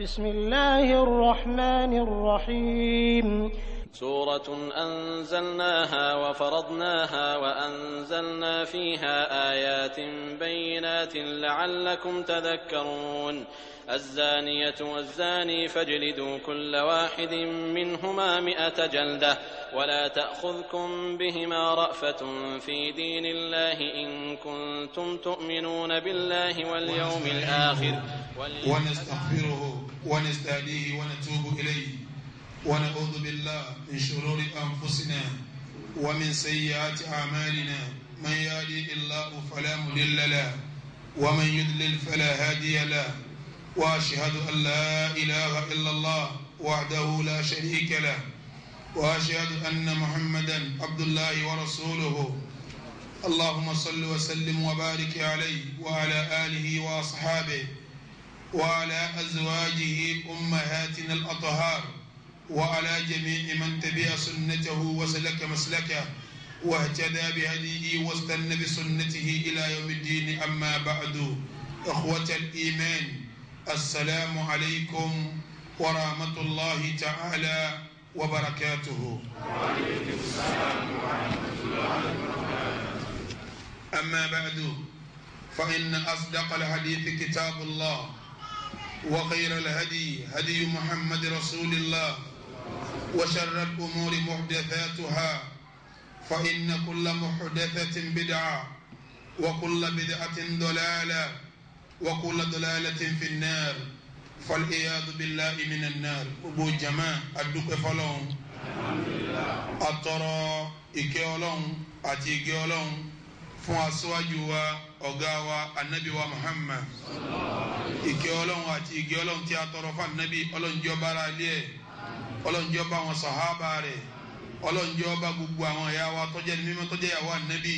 بسم الله الرحمن الرحيم سورة أنزلناها وفرضناها وأنزلنا فيها آيات بينات لعلكم تذكرون الزانية والزاني فاجلدوا كل واحد منهما مئة جلدة ولا تأخذكم بهما رأفة في دين الله إن كنتم تؤمنون بالله واليوم الآخر ونستغفره ونستهديه ونتوب إليه ونعوذ بالله من شرور أنفسنا ومن سيئات أعمالنا من يهدي الله فلا مضل له ومن يضلل فلا هادي له وأشهد أن لا إله إلا الله وحده لا شريك له وأشهد أن محمدا عبد الله ورسوله اللهم صل وسلم وبارك عليه وعلى آله وأصحابه وعلى أزواجه أمهاتنا الأطهار وعلى جميع من تبع سنته وسلك مسلكه واهتدى بهديه واستنى بسنته إلى يوم الدين أما بعد إخوة الإيمان السلام عليكم ورحمة الله تعالى وبركاته وعليكم السلام ورحمة الله وبركاته أما بعد فإن أصدق الحديث كتاب الله وخير الهدي هدي محمد رسول الله وشر الأمور محدثاتها فإن كل محدثة بدعة وكل بدعة ضلالة وكل ضلالة في النار فالعياذ بالله من النار أبو جماعة أدوك فلون أترى إكيولون أتيكيولون fún aṣáájú wa ọ̀gá wa anabi wa muhammad ìkẹ́ ọlọ́run àti ìkẹ́ ọlọ́run tí a tọrọ fún anabi ọlọ́run jọba ara ilé ẹ̀ ọlọ́njẹ́ bá wọn sàhábà rẹ̀ ọlọ́njẹ́ bá gbogbo àwọn ìyá wa tọ́jẹ́ ní mímọ́ tọ́jẹ́ ìyàwó ànábì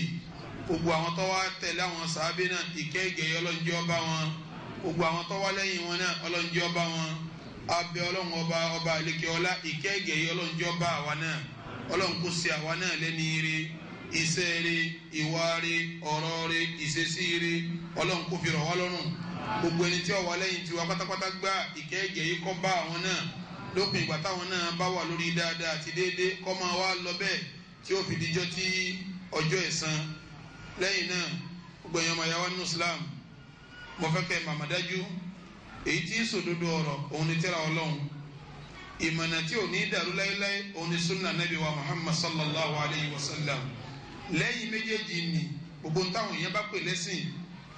gbogbo àwọn tó wá tẹ̀lé àwọn sàábé náà ìkẹ́ ìgẹ̀yẹ ọlọ́njẹ́ bá wọn gbogbo àwọn tó wá lẹ́yìn wọn náà ọlọ́njẹ́ bá wọn abẹ́ ọlọ́run ọba ọba àlekè ọlá ìkẹ́ ìgẹ̀yẹ ọlọ́njẹ́ bá àwa náà ọlọ́run kò sí àwa náà lẹ́ni ire iṣẹ́ rí ìwà rí ọ̀rọ̀ rí ìṣesí rí ọlọ́run kò fi rọ̀ wá lọ́rùn gbogbo ẹni tí ó lẹ́yìn tiwa pátápátá gbá ìkẹ́ ìgẹ̀yẹ kó bá àwọn náà lópin ìgbà táwọn náà bá wà lórí dáadáa àti déédéé kọ́ máa wá lọ bẹ́ẹ̀ tí ó fi dijọ́ tí ọjọ́ ẹ̀san lẹ́yìn náà gbogbo ẹ̀yàn ọmọ nínú Islam mo fẹ́ kẹ́ ẹ̀ màmá dájú èyí tí sòdodo ọ̀rọ̀ òun ni tẹ́ra ọlọ́run ìmọ̀nà tí ò ní dàrú láéláé òun ni sunna nabi wa Muhammad sallallahu alayhi wa sallam lẹ́yìn méjèèjì ni gbogbo táwọn èèyàn bá pè lẹ́sìn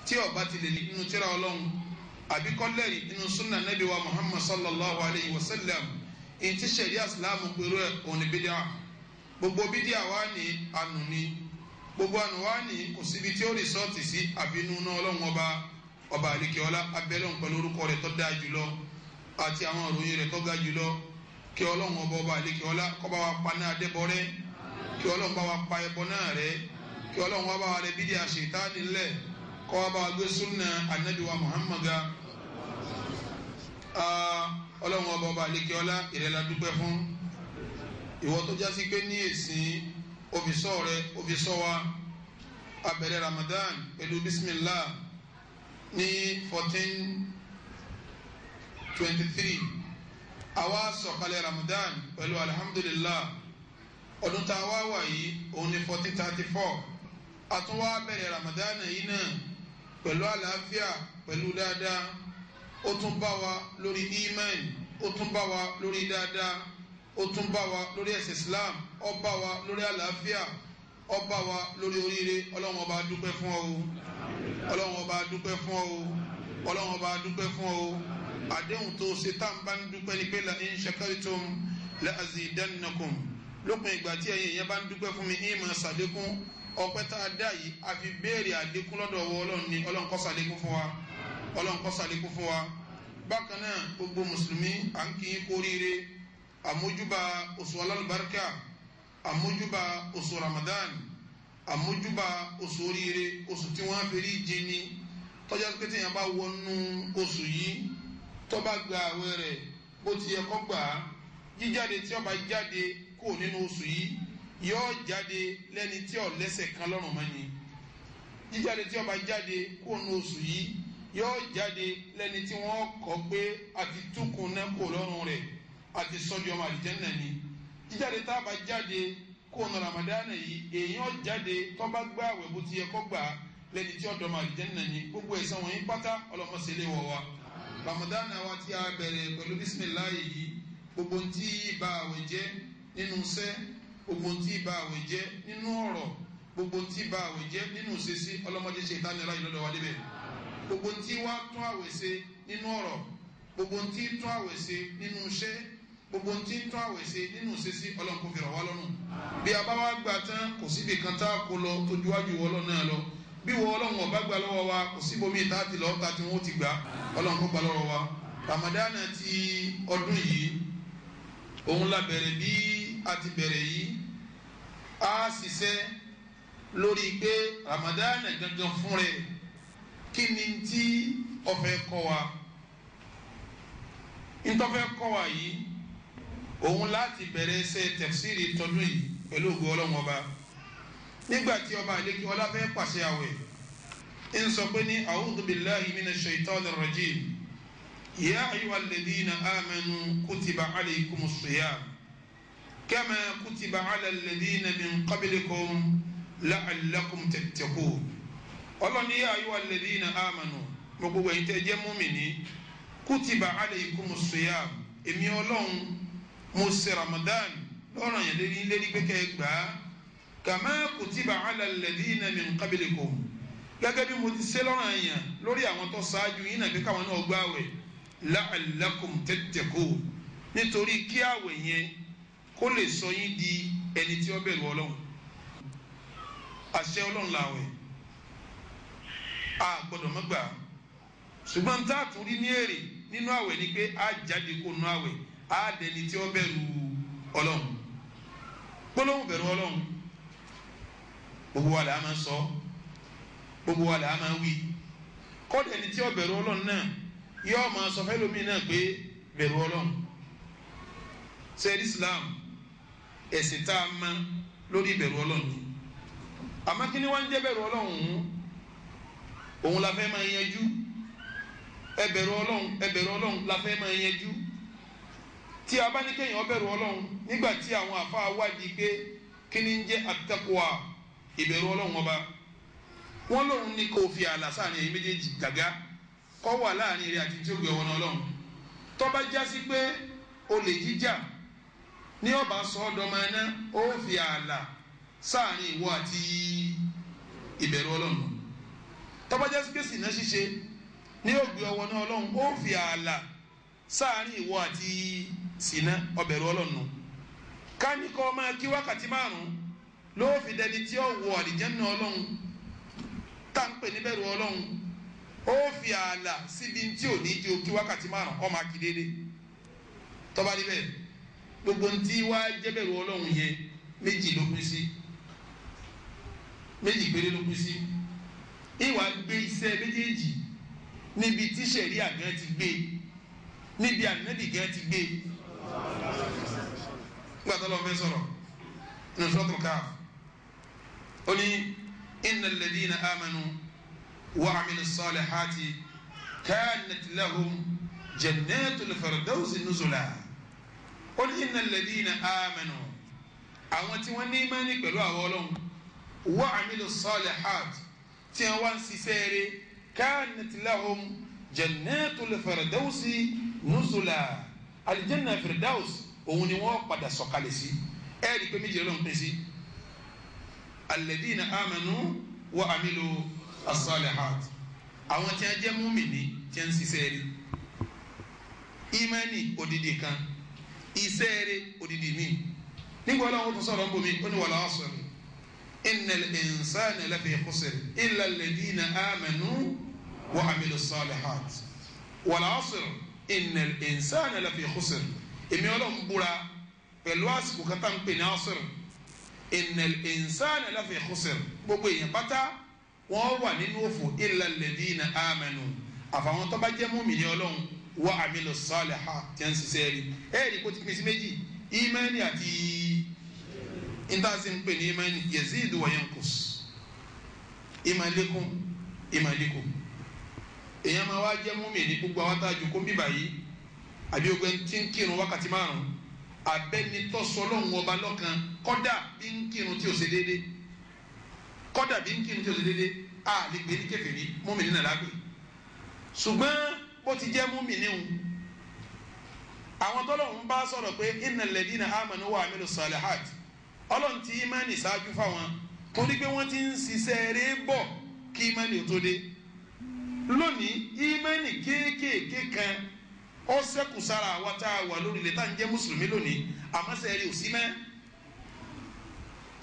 tí ó ti lè nínú tẹ́ra ọlọ́run àbíkọ́lẹ̀ inú sunna nabi wa muhammad sallallahu alayhi wa sallam èyí tí sẹ̀ríà islam pẹ̀lú ẹ̀ òní bídíà gbogbo bídíà wa ní ànú ni gbogbo ànú wa ní kò síbi tí ó rìsọ́ọ̀tì sí àbínú náà ọlọ́run ọba ọba àlekèọ́lá abẹ́lẹ́ òun pẹ̀lú orúkọ rẹ̀ tó dáa jùlọ àti àwọn òròyìn rẹ̀ tó ga jùlọ kí ọlọ́run ọba ọba àlekèọ́lá kó bá wa pa náà dẹ́bọ̀rẹ́ kí ọlọ́run bá wa pa ẹbọ náà rẹ́ kí ọlọ́run wá bá wa rẹ bídíà ṣètánilẹ̀ kó wá bá wa gbé súnà ànábì wa muhammadu ọlọ́run ọba ọba àlekè ọlá ìrẹ́lá dúpẹ́ fún ìwọ tó jásí pé ní èsìn òfìsọ́ rẹ òfìsọ́ wa abẹ̀rẹ̀ Ramadan pẹ̀lú bismillah ní fourteen twenty three àwa sọ̀kalẹ̀ Ramadan pẹ̀lú alhamdulillah ọdún tá a wá wà yìí òun ní fourteen thirty four àtúnwá bẹ̀rẹ̀ Ramadan yìí náà pẹ̀lú àlàáfíà pẹ̀lú dáadáa ó tún bá wa lórí imani ó tún bá wa lórí dáadáa ó tún bá wa lórí ẹ̀sìn islam ó bá wa lórí àlàáfíà ó bá wa lórí oríire ọlọ́run ọba dúpẹ́ fún ọ ọlọ́run ọba dúpẹ́ fún ọ ọlọ́run ọba dúpẹ́ fún ọ àdéhùn tó ṣe tá à ń bá ń dúpẹ́ ni pé la in shakartum la azidannakum lópin ìgbà tí ẹ̀yin ìyẹn bá ń dúpẹ́ fún mi ìmọ̀ ṣàlékún ọpẹ́ tá a dá yìí a fi béèrè àlékún lọ́dọ̀ ọwọ́ ọlọ́run ni ọlọ́run kó ṣàlékún fún wa ọlọ́run kọ́ sálẹ̀ kú fún wa bákan náà gbogbo mùsùlùmí à ń kí yín kóríire àmójúbà oṣù alálùbáríkà àmójúbà oṣù ramadan àmójúbà oṣù oríire oṣù tí wọ́n á fèrè jẹ ni tọ́jà pé téèyàn bá wọnú oṣù yìí tó bá gba àwẹ̀ rẹ̀ bó ti yẹ kó gbà á jíjáde tí ó jáde kó nínú oṣù yìí yóò jáde lẹ́ni tí ó lẹ́ṣẹ̀ kan lọ́rùn mọ́ni jíjáde tí ó jáde kó nínú oṣù yìí yóò jáde lẹ́ni tí wọ́n kọ́ pé àti túkun náà kò lọ́rùn rẹ̀ àti sọ́jọ́ ọmọ àlìjẹ́nà ni jíjáde tá a bá jáde kó nu ramadana yìí èèyàn jáde tó bá gbà àwẹ̀ bó ti yẹ kó gbà lẹ́ni tí ọ̀dọ́ ọmọ àlìjẹ́nà ni gbogbo ẹ̀san wọ̀nyí pátá ọlọ́mọṣẹ́lẹ̀ wọ̀ wa ramadana wa ti a bẹ̀rẹ̀ pẹ̀lú bisimilayi yìí gbogbo ntí ba àwẹ̀ jẹ́ nínú sẹ́ gbogbo ntí ba àwẹ̀ jẹ́ nínú ọ̀rọ̀ gbogbo ntí ba àwẹ̀ jẹ́ nínú sẹ́sí ọlọ́mọdé ṣe ìtànìlá ìlọ́dọ̀ wa débẹ̀ gbogbo ntí wá tún àwẹ̀ ṣe nínú ọ̀rọ̀ gbogbo ntí tún àwẹ̀ ṣe nínú iṣẹ́ gbogbo ntí tún àwẹ̀ ṣe nínú ṣíṣí ọlọ́run kò fi ràn wá lọ́rùn bí a bá wá gbà tán kò síbi kan tá a kó lọ tó juwájú ọlọ́run náà lọ bí wọ ọlọ́run ọba gbà lọ́wọ́ wa kò síbi omi ìta ti lọ́ọ́ ta tí wọ́n ti gbà ọlọ́run kó gbà lọ́wọ́ wa ramadana ti ọdún yìí òun la bẹ̀rẹ̀ bí a ti bẹ̀rẹ̀ yìí a ṣiṣẹ́ lórí pé ramadana gangan fún rẹ̀ kí ni tí ọfẹ kọ́ wa ntọfẹ kọ́ wa yìí òun láti bẹ̀rẹ̀ ṣe tẹfsiri tọdún yìí pẹ̀lú ògo Ọlọ́run ọba nígbà tí ọba àlekí ọlá fẹ́ pàṣẹ àwẹ̀ ń sọ pé ní a'udhu billahi minash shaitanir rajim ya ayyuhal ladhina amanu kutiba alaykumus siyam kama kutiba ala alladhina min qablikum la'allakum tattaqun ọlọ́ni yá ayé wa lẹ́bí iná àmànù mo gbogbo ẹ̀yin tẹ́ jẹ́ mọ́mìnì kútìbà alaykumu siyam èmi ọlọ́run mo ṣe ramadan lọ́rọ̀ yẹn lérí lérí pé kẹ́ ẹ gbà á kàmá kútìbà ala alladhina min qablikum gẹ́gẹ́ bí mo ti ṣe lọ́rọ̀ yẹn lórí àwọn tó ṣáájú yín náà pé káwọn náà gbà wẹ̀ la'allakum tattaqun nítorí kí àwẹ̀ yẹn kó lè sọ yín di ẹni tí ó bẹ̀rù ọlọ́run àṣẹ ọlọ́run làwẹ̀ a gbọ́dọ̀ mọ́ gbà ṣùgbọ́n n táà tún rí ní èrè nínú àwẹ̀ ni pé a jáde kó nu àwẹ̀ a dẹni tí ó bẹ̀rù ọlọ́run gbólóhùn bẹ̀rù ọlọ́run gbogbo wa la á máa sọ gbogbo wa la á máa wí kọ́dà ẹni tí ó bẹ̀rù ọlọ́run náà yóò máa sọ fẹ́ lómi náà pé bẹ̀rù ọlọ́run sẹ́ẹ̀dì Islam ẹ̀sìn tá a máa lórí bẹ̀rù ọlọ́run àmọ́ kí ni wọ́n ń jẹ́ bẹ̀rù ọlọ́run òun la fẹ́ máa yanjú ẹ bẹ̀rù ọlọ́run ẹ bẹ̀rù ọlọ́run la fẹ́ máa yanjú tí a bá ní kéèyàn bẹ̀rù ọlọ́run nígbà tí àwọn àfáà wádìí pé kí ni ń jẹ́ ìbẹ̀rù ọlọ́run ọba wọ́n lòun ní kó fi ààlà sáàrin ẹ̀yin méjèèjì gàgá kọ́ wà láàrin rẹ̀ àti tí ó ọlọ́run ọba sọ ó fi sáàrin ìwọ àti ìbẹ̀rù ọlọ́run tọ́bajá síkèsì náà ṣíṣe ní ògbé ọwọ́ náà ọlọ́run ó fi ààlà sáàárín ìwọ àti sínà ọbẹ̀rù ọlọ́run nù káníkọ́ máa kí wákàtí márùn-ún ló fi dẹni tí ó wọ àlìjẹ́nu ọlọ́run tá ń pè níbẹ̀rù ọlọ́run ó fi ààlà síbi tí ò ní ju kí wákàtí márùn-ún ọmọ akíndéédé tọ́ba níbẹ̀ gbogbo ntí wá jẹ́bẹ̀rù ọlọ́run yẹn méjì ló kú sí méjì péré ló kú sí ìwà gbé iṣẹ́ méjèèjì níbi tí sẹ̀ríà gan ti gbé níbi ànábì gan ti gbé gbàtọ́ lọ́wọ́ fẹ́ sọ̀rọ̀ nùsọ́tò káf ó ní innal ladina amanu wa amilu salihati kanat lahum jannatul firdausi nuzula ó ní innal ladina amanu àwọn tí wọ́n ní ìmánì pẹ̀lú àwọn ọlọ́run wa amilu salihati tí wọ́n wá ń ṣiṣẹ́ rẹ̀ kanat lahum jannatul firdausi nuzula alijanna firdaus òun ni wọ́n padà sọ̀kalẹ̀ sí ẹ̀ rí i pé méjìlá ló ń pín sí alladina amanu wa amilu as-salihat àwọn tí wọ́n jẹ́ múmìnì tí imani odidi kan iṣẹ́ odidi mi nígbà wọn làwọn tó sọ̀rọ̀ ń bomi ó ní wàlá ọ̀sọ̀rọ̀ innal insana lafi khusr illa alladhina amanu wa amilu salihat wal asr innal insana lafi khusr èmi ọlọ́run búra pẹ̀lú àsìkò kan tá à ń pè ní asr innal insana lafi khusr gbogbo èèyàn pátá wọ́n wà nínú òfò illa alladhina amanu àfàwọn tó bá jẹ́ mùmínì ọlọ́run wa amilu salihat jẹ́ ń ṣiṣẹ́ rí ẹ̀ẹ́dì kó ti pèsè méjì ìmánì àti níta sì ń pè ní imani yazid wa yankus imalekum imalekum èèyàn máa wá jẹ́ múmi ní gbogbo àwọn tájú kó bíbà yìí àbí ogun tí ń kírun wákàtí márùn abẹ́nitọ́ sọlọ́hún ọba lọ́kan kọ́dà bí ń kírun tí ò ṣe déédé kọ́dà bí ń kírun tí ò ṣe déédé a lè gbé ní kèfèrí múmi nínú àlágbé ṣùgbọ́n bó ti jẹ́ múmi níhun àwọn tọ́lọ́hún bá sọ̀rọ̀ pé innal ladina amanu wa amilu ọlọ́run ti ìmánì ṣáájú fáwọn torí pé wọ́n ti ń ṣiṣẹ́ rẹ̀ bọ̀ kí ìmánì ò tó dé lónìí ìmánì kéékèèké kan ó ṣẹ́kù sára àwa tá a wà lórílẹ̀ tá à ń jẹ́ mùsùlùmí lónìí àmọ́ sẹ́ẹ̀rì ò sí mẹ́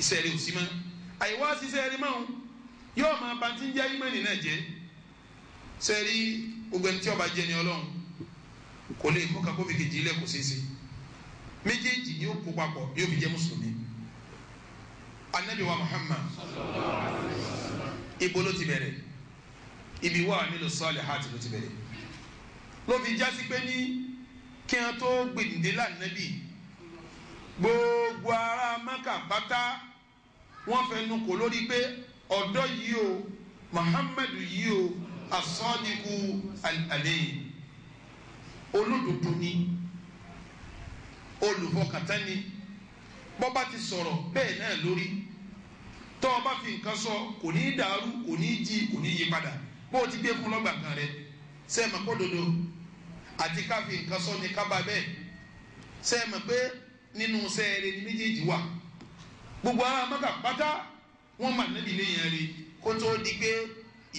ìsẹ̀rì ò sí mẹ́ àyíwá ṣiṣẹ́ rẹ̀ máa ń yóò máa ba ti ń jẹ́ ìmánì náà jẹ́ sẹ́ẹ̀rì gbogbo ẹni tí ó jẹ́ ni ọlọ́run kò lè mú kakó fi kejì ilẹ̀ kò ṣeé ṣe méjèèjì ni kó papọ̀ yóò fi jẹ́ mùsùlùmí anabi wa muhammad ibo ló ti bẹ̀rẹ̀ ibi wa amílò sọ́ọ̀lì hati ló ti bẹ̀rẹ̀ ló fi jásí pé ní kí wọn tó gbèdìdé lànàbì gbogbo ará maka pátá wọn fẹnu kò lórí pé ọ̀dọ́ yìí o muhammad yìí o asọ́niku alẹ́ olódodo ni olùfọkàtà ni. Al bọ́ba ti sọ̀rọ̀ bẹ́ẹ̀ náà lórí tọ́ bá fi nǹkan sọ kò ní í dàrú kò ní í jí kò ní í yí padà bó o ti gbé fún lọ́gbà kan rẹ dodo àti ká fi nǹkan sọ ni ká bá bẹ́ẹ̀ sẹ́ẹ̀mọ̀ pé nínú sẹ́ẹ̀rẹ́ gbogbo ara pátá wọ́n mà níbi léyìn rẹ kó tó di pé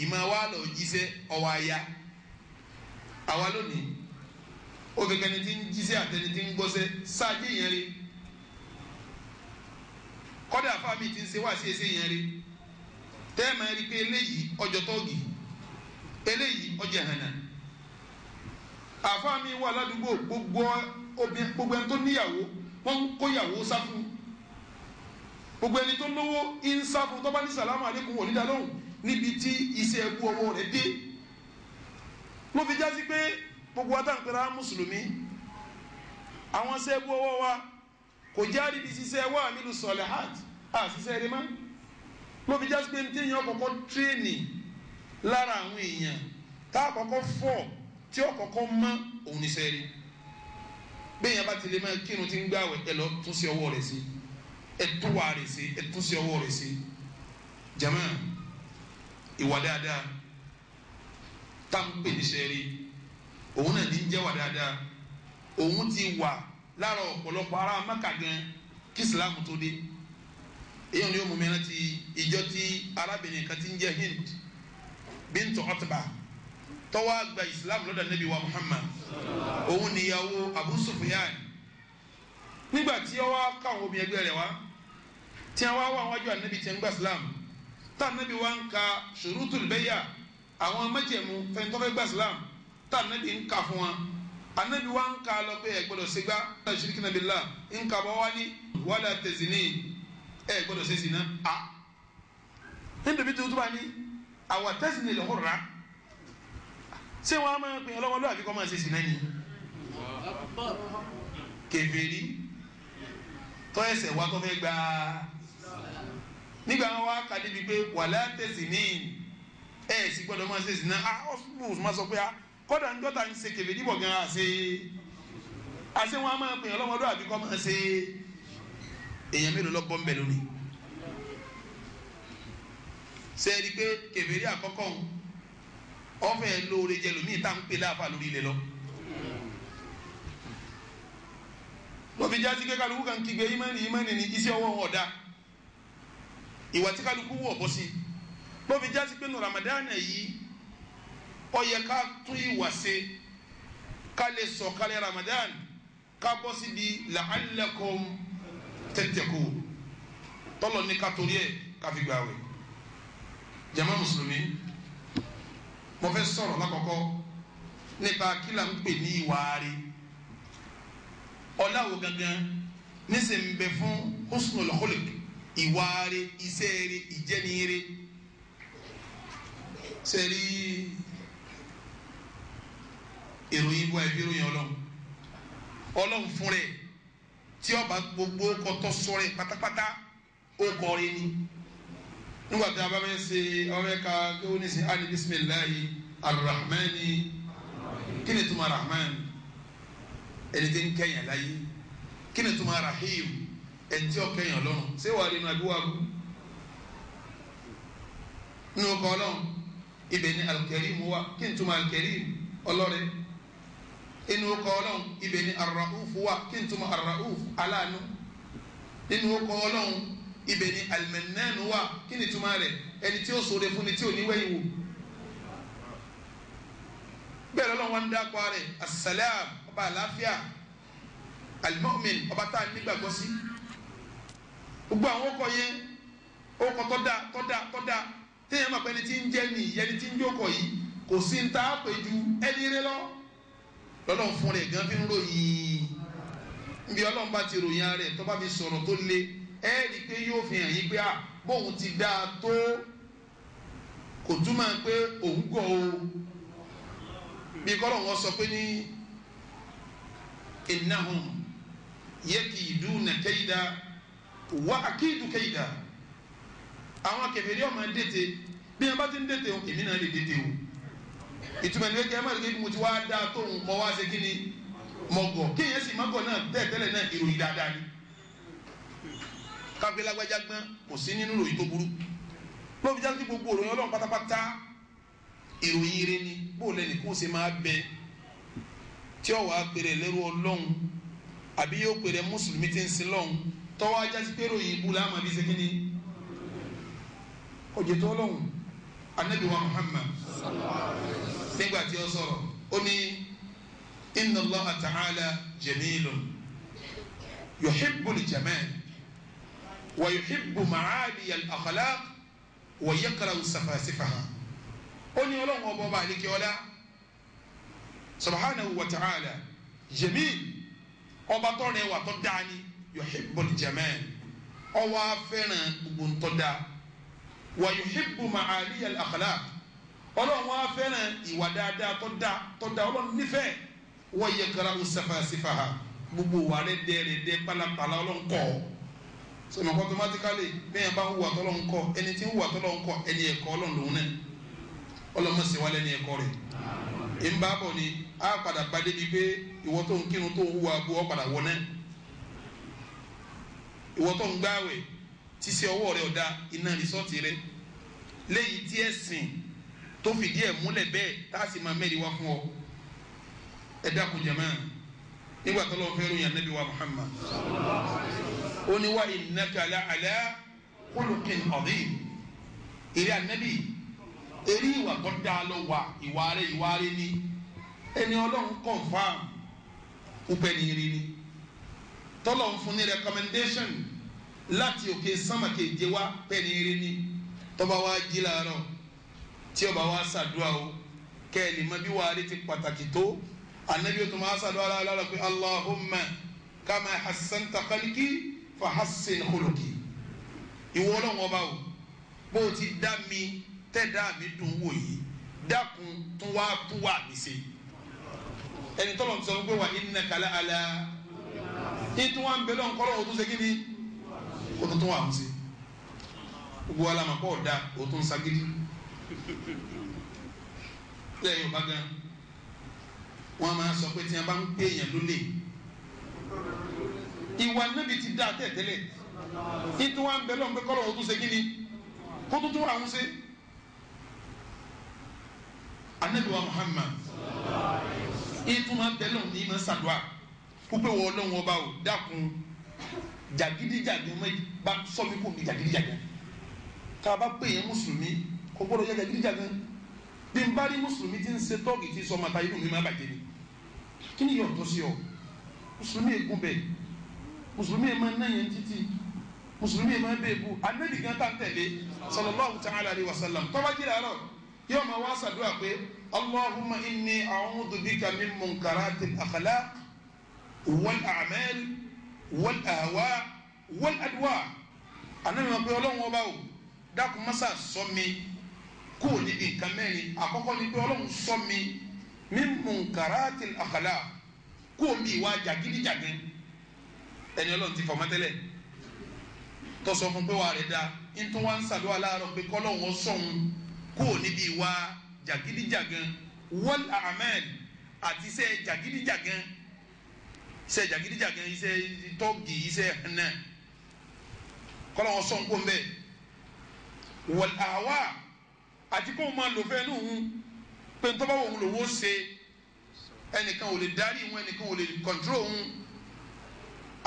ìmọ̀ wa lọ jíṣẹ́ ọwọ́ aya àwa lónìí ń kọ́dà fámi ti ń ṣe wá sí ẹsẹ̀ yẹn rí tẹ́ẹ̀mà rí pé eléyìí ọjọ́ tọ́ọ̀gì eléyìí ọjọ́ ẹ̀hánà àfáàmì wà ládùúgbò gbogbo obìnrin gbogbo ẹni tó níyàwó wọ́n ń kóyàwó sáfù gbogbo ẹni tó lówó ń sáfù tó bá ní sàlámù àlékún onídàlóhùn níbi tí iṣẹ́ ẹkú ọmọ rẹ̀ dé ló fi jásí pé gbogbo adáǹpẹ̀rẹ̀ mùsùlùmí àwọn iṣẹ́ ọwọ́ wa kò jáde di ṣiṣẹ́ wà nílùú sọ̀lẹ̀ hajj à ṣiṣẹ́ rí má ló jásí pé tí èèyàn kọ́kọ́ tírénì lára àwọn èèyàn tá a kọ́kọ́ fọ̀ tí ó kọ́kọ́ mọ́ òun níṣẹ́ rí bẹ́ẹ̀yàn bá ti lè máa kírun tí ń gbàwẹ̀ ẹ lọ tún sí ọwọ́ rẹ̀ sí ẹ tún wà rẹ̀ sí ẹ tún sí ọwọ́ rẹ̀ sí jama ìwà dáadáa tá n pè níṣẹ́ rí òun náà ní jẹ́ wà dáadáa òun ti wà lára ọ̀pọ̀lọpọ̀ ará maka gan kí islam tó dé èyàn ni ó mú mi rántí ìjọ tí arábìnrin kan ti ń jẹ́ hind bíntu Utba tó wá islam lọ́dọ̀ nabi wa muhammad òun níyàwó abu sufyan nígbà tí ó wá káwọn obìnrin ẹgbẹ́ rẹ̀ wá tí wọ́n wá wájú ànábì tí ń gba islam tá ànábì wá ń ka shurutul bay'a àwọn májẹ̀mú fẹ́ntọ́fẹ́ gba islam tá ànábì ń ka fún wọn anabi wa ń ka lọ pé ẹ gbọ́dọ̀ ṣe gbá ẹ ṣiriki na billah ń ka bọ wá wàlá tazini ẹ gbọ́dọ̀ ṣe zina a nítorí tuntun bá ní àwa tazini lè hóra ṣé wọn á máa pè é lọ́wọ́ lọ́wọ́ àbíkọ́ máa ṣe zina ni kèfèrí tọ́ ẹsẹ̀ wa tó fẹ́ gbà nígbà wọn wá kàdé bíi pé wàlá tazini ẹ sì gbọ́dọ̀ máa ṣe zina a ọ̀ṣun bùs máa sọ pé a kódà ń dọ́ta ń ṣe kèfé níbọ̀ gan àṣe àṣe wọn a máa pè yàn lọ́mọdún àbí kọ́ máa ṣe èèyàn mélòó lọ́ bọ́ ń bẹ̀ lónìí ṣe é rí i pé kèfé rí àkọ́kọ́ ń ọ̀fẹ́ lóore jẹ lómi tá ń pè láàfà lórí ilẹ̀ lọ. wọ́n fi jáde kálukú kan kígbe ìmánì ìmánì ní iṣẹ́ ọwọ́ wọn ọ̀dà ìwà tí kálukú wọ̀ bọ́ sí i wọ́n pé nù Ramadan yìí ó yẹ ká tún ìwà ṣe ká lè sọ̀kalẹ̀ Ramadan ká bọ́ sí di la'allakum tẹ̀tẹ̀kù tọ́lọ̀ ní ká torí ẹ̀ ká fi gbààwẹ̀ jama mùsùlùmí mo fẹ́ sọ̀rọ̀ lákọ̀ọ́kọ́ nípa kí la ń pè ní ìwà rí ọ̀làwọ̀ gangan níṣẹ́ ń bẹ fún husnul khuluq ìwà rí iṣẹ́ rí ìròyìn ibú ẹbí ìròyìn ọlọ́run ọlọ́run fún rẹ̀ tí ọba gbogbo kọtọ sọ̀rọ̀ pátápátá ó kọ rẹ ni nígbà tí a bá fẹ́ ṣe ọbẹ̀ ká kí ó ní sin ali bisimilayi alurahmani kí ni tuma rahman ẹni tí ń kẹyìn láyé kí ni tuma rahim ẹni tí ó kẹyìn ọlọ́run ṣé wàá rí inú àbí wàá bú nínú kọ́ ọlọ́run ibẹ̀ ni alukẹ́rìm wà kí ni tuma alukẹ́rìm ọlọ́rẹ́ inú ọkọ̀ ọlọ́run ibẹ̀ ni arrauf wa kí n túmọ̀ arrauf aláàánú inú ọkọ̀ ọlọ́run ibẹ̀ ni almanan wà kí ni túmọ̀ rẹ̀ ẹni tí ó ṣoore fún ni tí ò ní wẹ̀yìn wò bẹ́ẹ̀ lọ́lọ́run wá ń dá pa rẹ̀ asalaam ọba àlàáfíà almu'min ọba tá a nígbàgbọ́ sí gbogbo àwọn ọkọ̀ yẹn ọkọ̀ tọ́da tọ́da tọ́da téèyàn máa pẹ́ ni tí ń jẹ́ nìyẹn ni tí ń jókòó yìí kò sí ń ta àpèjú ẹni rẹ lọ́wọ́ lọ́lọ́run fún rẹ̀ gan fi ń ròyìn nbí ọlọ́run bá ti ròyìn ara rẹ̀ tó bá fi sọ̀rọ̀ tó le ẹ rí i pé yóò fi hàn yín pé à ah, bóun ti dáa tó kò túmọ̀ pé òun gọ̀ o bí kọ́lọ̀ wọn sọ pé ní innahum yakiduna kaida wa akidu kaida àwọn kèfèrí ọmọ dètè bí wọn bá ti ń dètè èmi náà lè dètè o ìtumọ̀ ní kẹ́ ẹ má lè kí mo ti wá dáa tó ń mọ wá ṣe kí ni mọ gọ̀ kí èèyàn sì má gọ̀ náà bẹ́ẹ̀ tẹ́lẹ̀ náà ìròyìn dáadáa ni káfíńlá gbájá gbọ́n kò sí nínú ìròyìn tó burú lóbi jáde gbogbo òròyìn ọlọ́run pátápátá ìròyìn rẹ ni bó lẹ́nu kó ṣe máa bẹ tí ọ̀wá pèrè lẹ́rú ọlọ́run àbí yóò pèrè mùsùlùmí ti ń sin lọ́run tọ́wọ́ ajá sí pé ròyìn ibú làá máa fi ṣe kínní ọ̀jẹ̀ tó ọlọ́run anabi Muhammad nígbà tí ó sọ̀rọ̀ ó ní inna Allaha ta'ala jamilun yuhibbul jamal wa yuhibbu ma'aliyal akhlaq wa yakrahu safasifaha ó ní ọlọ́run ọba ọba àlekè ọlá subhanahu wa ta'ala jamil ọba tó rẹwà tó dáa ni yuhibbul jamal ó wá fẹ́ràn gbogbo ntọ́ dáa wa yuhibbu ma'aliyal akhlaq ọlọ́run wá fẹ́ràn ìwà dáadáa tó da tó da ọlọ́run nífẹ̀ẹ́ wọ́n yẹ kara ó sẹ́fàsífà ha gbogbo wa rẹ dẹ́ rẹ dẹ́ pálapàla ọlọ́run kọ́ sọmọ automatically bẹ́ẹ̀ bá hùwà tọ́lọ́run kọ́ ẹni tí ń hùwà tọ́lọ́run kọ́ ẹni ẹ̀kọ́ ọlọ́run lòun náà ọlọ́mọ sì wálé ní ẹ̀kọ́ rẹ̀ ń bá bọ̀ ni á padà bá débi pé ìwọ tó ń kírun tó ń hùwà bú ọ padà wọ náà ìwọ tó ń gbáwẹ̀ tíṣe ọwọ́ rẹ̀ ọ̀dà iná rìsọ́ọ̀tì rẹ̀ léyìí tí ẹ̀sìn tó fìdí ẹ̀ múlẹ̀ bẹ́ẹ̀ tá a sì máa mẹ́rin wá fún ọ ẹ dákun jàmá nígbà tó lọ́wọ́ fẹ́ràn yàn nábì wa Muhammad ó ní wa innaka la ala khuluqin azim eré ànábì eré ìwà tó dáa lọ wà ìwà rẹ ìwà rẹ ni ẹni ọlọ́run confam púpẹ́ ní rí ni tọ́lọ̀ ń fún ní recommendation láti òkè sánmà kéje wá pẹ́ ní rí ni tọ́ba wá jí làárọ̀ tí ó bá wá ṣàdúrà o kẹ́ẹ̀lì mọ bí wàá rí ti pàtàkì tó anabi tó máa ṣàdúrà alára pé Allahumma kama hassanta khalqi fa hassin khuluqi ìwọ ọlọ́run ọba o bó o ti dá mi tẹ́dá mi dùn wò yìí dákun tún wá tún wà mí ṣe ẹni tọ́lọ̀ ń sọ pé wà innaka la ala ìtún wa ń bẹ lọ́nkọ́ lọ́wọ́ tó ṣe kí ni o tó tún wà mí ṣe gbogbo alamọ̀ ọ̀dà o tún ṣagídí lẹ́yìn yorùbá gan wọ́n máa sọ pé tí wọ́n bá ń pè èèyàn lólè ìwà níbi ti dá tẹ̀tẹ̀lẹ̀ ìtú wa ń bẹ lọ́n pé kọ́lọ̀ ọ̀tún ṣe kíni kó tó tún wà ń ṣe. anabiwa Muhammad ìtú wa ń bẹ lọ́n ní ìmọ̀ sàdúà púpẹ̀ wọ ọlọ́run ọba ò dákun jàgídíjàgan mọ́ bá sọ́mi kò ní jàgídíjàgan tá a bá pè é mùsùlùmí kò gbọ́dọ̀ yẹ jàgídíjàgan bí n bá rí mùsùlùmí ti ń ṣe tọ́ọ̀gì tí sọmọ ta inú mi má bàjẹ́ ni kí ni yọ̀ọ́ tó sí ọ mùsùlùmí ègún bẹ́ẹ̀ mùsùlùmí ẹ̀ máa ń náyẹn títí mùsùlùmí ẹ̀ máa ń bẹ́ẹ̀ bu anabi gan tá n tẹ̀lé sallallahu ta'ala alayhi wa sallam tọ́ba jìrì àárọ̀ yóò máa wá sàdúrà pé allahumma inni a'udhu bika min munkarati al-akhlaq wal a'mal wal ahwa wal adwa anabi ma pé ọlọ́run ọba o dákun masa sọ kó o níbi nǹkan mẹ́rin àkọ́kọ́ ni pé ọlọ́run sọ mi mi munkaraati akala kó o mi ìwà jàgídíjàgín ẹni ọlọ́run ti fọmọ tẹ́lẹ̀ tọ́sọ fún pé wàá rẹ̀ da ntọ́ wa ń sàdúrà láàárọ̀ pé kọ́lọ́run sọ̀hún kó o níbi ìwà jàgídíjàgín wọ́n ahmed àti sẹ́ jàgídíjàgín sẹ́ jàgídíjàgín iṣẹ́ tọ́gì iṣẹ́ hànà kọ́lọ́run sọ̀hún kó o bẹ̀ wọ́n àwa àti kó o máa lò fẹ́ lóhun pé ntọ́ bá wò wọ́n lòwọ́ ṣe ẹnìkan ò lè darí wọn ẹnìkan ò lè kọ̀ntró wọn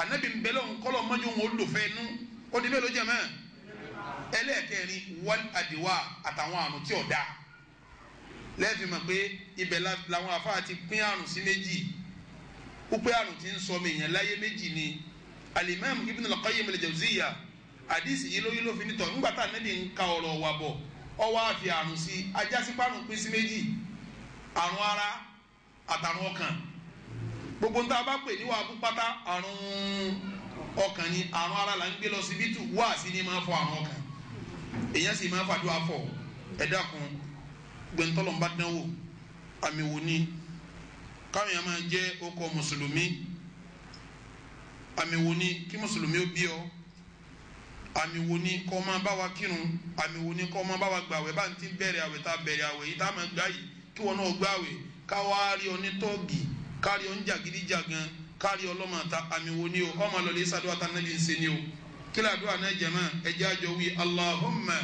anabi nbẹlẹ nkọlọ mọnyọ wọn ò lò fẹ́ nú ó di mélòó jẹ mọ́ ẹlẹ́ẹ̀kẹrin wọ́n àdìwà àtàwọn àrùn tí ò dáa lẹ́ẹ̀fì mọ̀ pé ibẹ̀ làwọn afáà ti pín àrùn sí méjì wípé àrùn ti ń sọ ọmọ èèyàn láyé méjì ni alimami Ibn al-Qayyim al-Jawziyya àdìsí yìí lóyún lófin nítọ̀ nígbà tá a nẹ́bi ń ka ọ̀rọ̀ wa bọ̀ ọwọ́ àfi àrùn sí ajásípàrùn pín sí méjì àrùn ara àtàrùn ọkàn gbogbo nta bá pè ní wàá bú pátá àrùn ọkàn ni àrùn ara là ń gbé lọ síbítù wá sí ni máa fọ àrùn ọkàn èèyàn sì máa fàdúrà fọ ẹ̀dá kan gbẹ̀ntọ́lọ̀ ń bá dánwò àmì wò ni káwọn yẹn máa jẹ́ ọkọ̀ mùsùlùmí àmì wò ni kí mùsùlùmí ó bí ọ àmì wo ni kó máa bá wa kírun àmì wo ni kó máa bá wa gbàwẹ̀ bá ń ti bẹ̀rẹ̀ àwẹ̀ tá bẹ̀rẹ̀ àwẹ̀ yìí tá a máa gbá yìí kí wọn náà gbàwẹ̀ káwa rí ọ ní tọ́ọ̀gì kárí ọ ń jàgídíjàgan kárí ọlọ́mọ àta àmì wo ni o ọmọ lọ́lẹ́ sàdúrà tá nàbí ń ṣe ni o kí ládùúrà náà jẹ̀ ẹjẹ́ àjọ wí Allahumma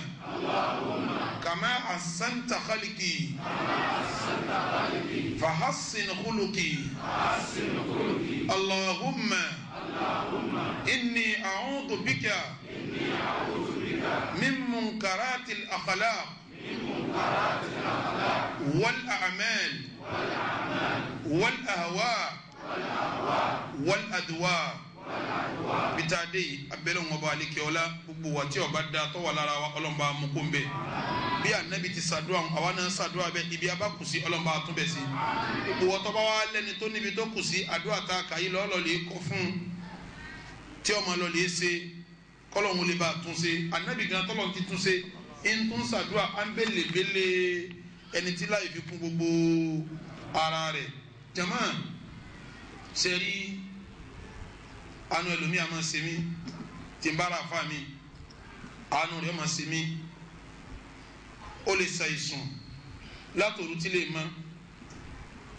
kàmá àsántà kálíkì fàhásìn kúlùkì Allahumma inni a'udhu bika. من منكرات الأخلاق والأعمال والأهواء والأدواء bitaade yi abẹ́lẹ̀ wọn bá alẹ́ kẹ́ọ́lá gbogbo wa tí ọba da tọ́wọ́ lára wa ọlọ́mọba mukunbẹ bí anabi ti ṣàdúrà wọn àwa náà ṣàdúrà bẹ ibi abá kù sí ọlọ́mọba àtúnbẹ̀ sí wa lẹ́ni tó níbi tó kù sí ta kàyí lọ́ọ́ lọ́ọ́ lè kọ́ fún kọ́lọ́hún lè bá a tún ṣe ànábì gan tọ́lọ́hún ti tún ṣe ń tún ṣàdúrà à ń bẹ̀lẹ̀ bẹ̀lẹ̀ ẹni tí láì fi kún gbogbo ara rẹ̀ jama sẹ́rí anu ẹlòmíà máa ṣe mí tí n bá ra fa mi anu rẹ̀ máa ṣe mí ó lè ṣàìsùn látòrú tí lè mọ́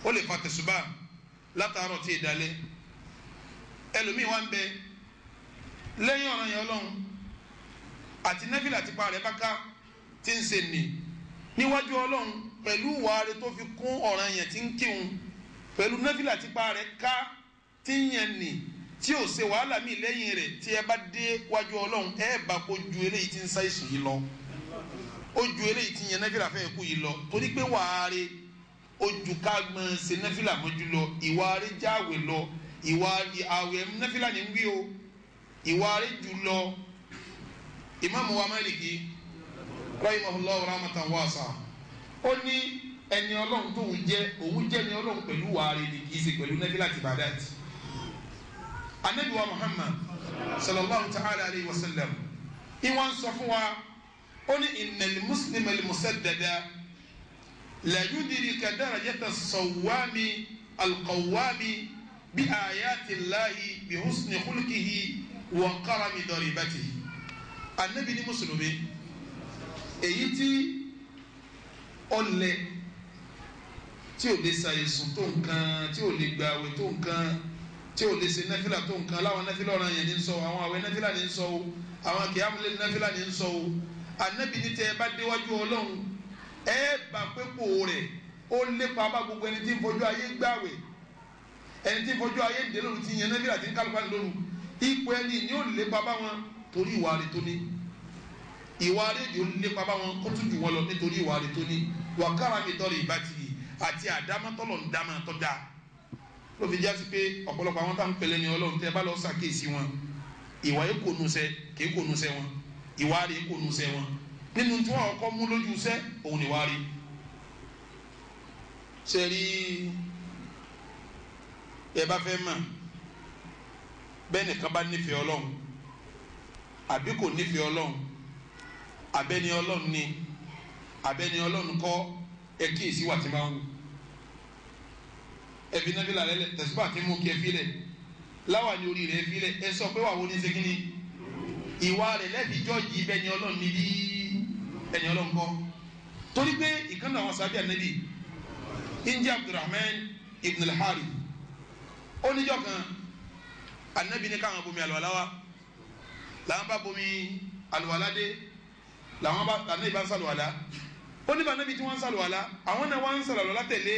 ó lè fa tẹ̀sùbà látàárọ̀ tí ì dalẹ̀ ẹlòmíì wá ń bẹ lẹ́yìn ọ̀ràn yẹn ọlọ́run àti nẹ́fìlà tipa rẹ̀ bá ká ti ń ṣe nì níwájú ọlọ́run pẹ̀lú wàhálà tó fi kún ọ̀ràn yẹn ti ń kírun pẹ̀lú nẹ́fìlà tipa rẹ̀ ká ti ń yẹn nì tí ò ṣe wàhálà mi lẹ́yìn rẹ̀ tí ẹ bá dé wájú ọlọ́run ẹ bá kó ju eléyìí ti ń ṣàìsùn yìí lọ ó ju eléyìí ti yẹn nẹ́fìlà fẹ́ kú yìí lọ torí pé wàhálà ojú ká gbọ́n ṣe nẹ́fìlà mọ́jú lọ ìwà rẹ̀ jáwèé lọ ìwà àwẹ̀ nẹ́fìlà ní o ìwà rẹ̀ jùlọ imaamu wa maliki rahimahullah rahmatan wasa ó ní ẹni ọlọ́run tó ń jẹ́ òun jẹ́ ẹni ọlọ́run pẹ̀lú ìwà rẹ̀ ni kì í ṣe pẹ̀lú nẹ́bílà àti bàdàtì anabi wa muhammad sallallahu ta'ala alayhi wa sallam ìwọ̀n sọ fún wa ó ní ìnàlí mùsùlùmí al-musaddada la yudirika darajata sawwami alqawwami bi ayati llahi bi husni khulqihi wọ kọ́ra mi dọ̀rọ̀ ìbátì anabi ni mùsùlùmí èyí tí ọ̀lẹ tí ò lè sa èsùn tó nǹkan tí ò lè gba àwẹ̀ tó nǹkan tí ò lè ṣe náfìlà tó nǹkan láwọn náfìlà ọ̀ràn yẹn ní sọ àwọn àwẹ̀ náfìlà ní sọ o àwọn kìámúlẹ̀ náfìlà ní sọ o anabi ni tẹ ẹ bá déwájú ọlọ́run ẹ bá pépò rẹ̀ ó lépa bá gbogbo ẹni tí ń fojú ayé gbàwẹ̀ ẹni tí ń fojú ayé ń délóru ti yẹn náfìlà ti ń kálukálù lóru ipò ẹni ni ó lépa bá wọn torí ìwà rẹ̀ tó ní ìwà rẹ̀ yóò lépa bá wọn kó tún jù wọn lọ nítorí ìwà rẹ̀ tó ní wàkàrà mi tọrọ ìbátì àti àdámọ́tọ́lọ̀ ń dámọ́ tó dáa ló fi jásí pé ọ̀pọ̀lọpọ̀ àwọn táwọn pẹlẹ ní ọlọ́run tẹ́ bá lọ sàkíyèsí wọn ìwà yìí kò nusẹ kìí kò nusẹ wọn ìwà rẹ̀ kò nusẹ wọn nínú tí wọn kọ́ mú lójú sẹ́ òun ìwà rẹ̀ sẹ́rí ẹ bá fẹ́ mọ̀ bẹ́ẹ̀ nìkan bá nífẹ̀ẹ́ ọlọ́run àbí kò nífẹ̀ẹ́ ọlọ́run abẹ́ni ọlọ́run ni abẹ́ni ọlọ́run kọ́ ẹ kíyèsí wà tí máa ń wù ẹbí náà fi là lẹ́lẹ̀ tẹ̀sípà tí mú kí ẹ fi lẹ̀ láwa ni orí rẹ̀ fi lẹ̀ ẹ sọ pé wà wo ní segin ìwà rẹ̀ lẹ́bi jọ́ọ̀jì bẹ́ni ọlọ́run ni bí ẹni ọlọ́run kọ́ torí pé ìkànnì àwọn sábẹ́ ànábì india abdulrahman ibn al oníjọ́ kan anabi ní káwọn bomi àlùwàlá wa làwọn bá bomi àlùwàlá dé làwọn bá anabi bá ń sàlùwàlá ó ní bá anabi tí wọ́n ń sàlùwàlá àwọn náà wọ́n ń sàlùwàlá tẹ̀lé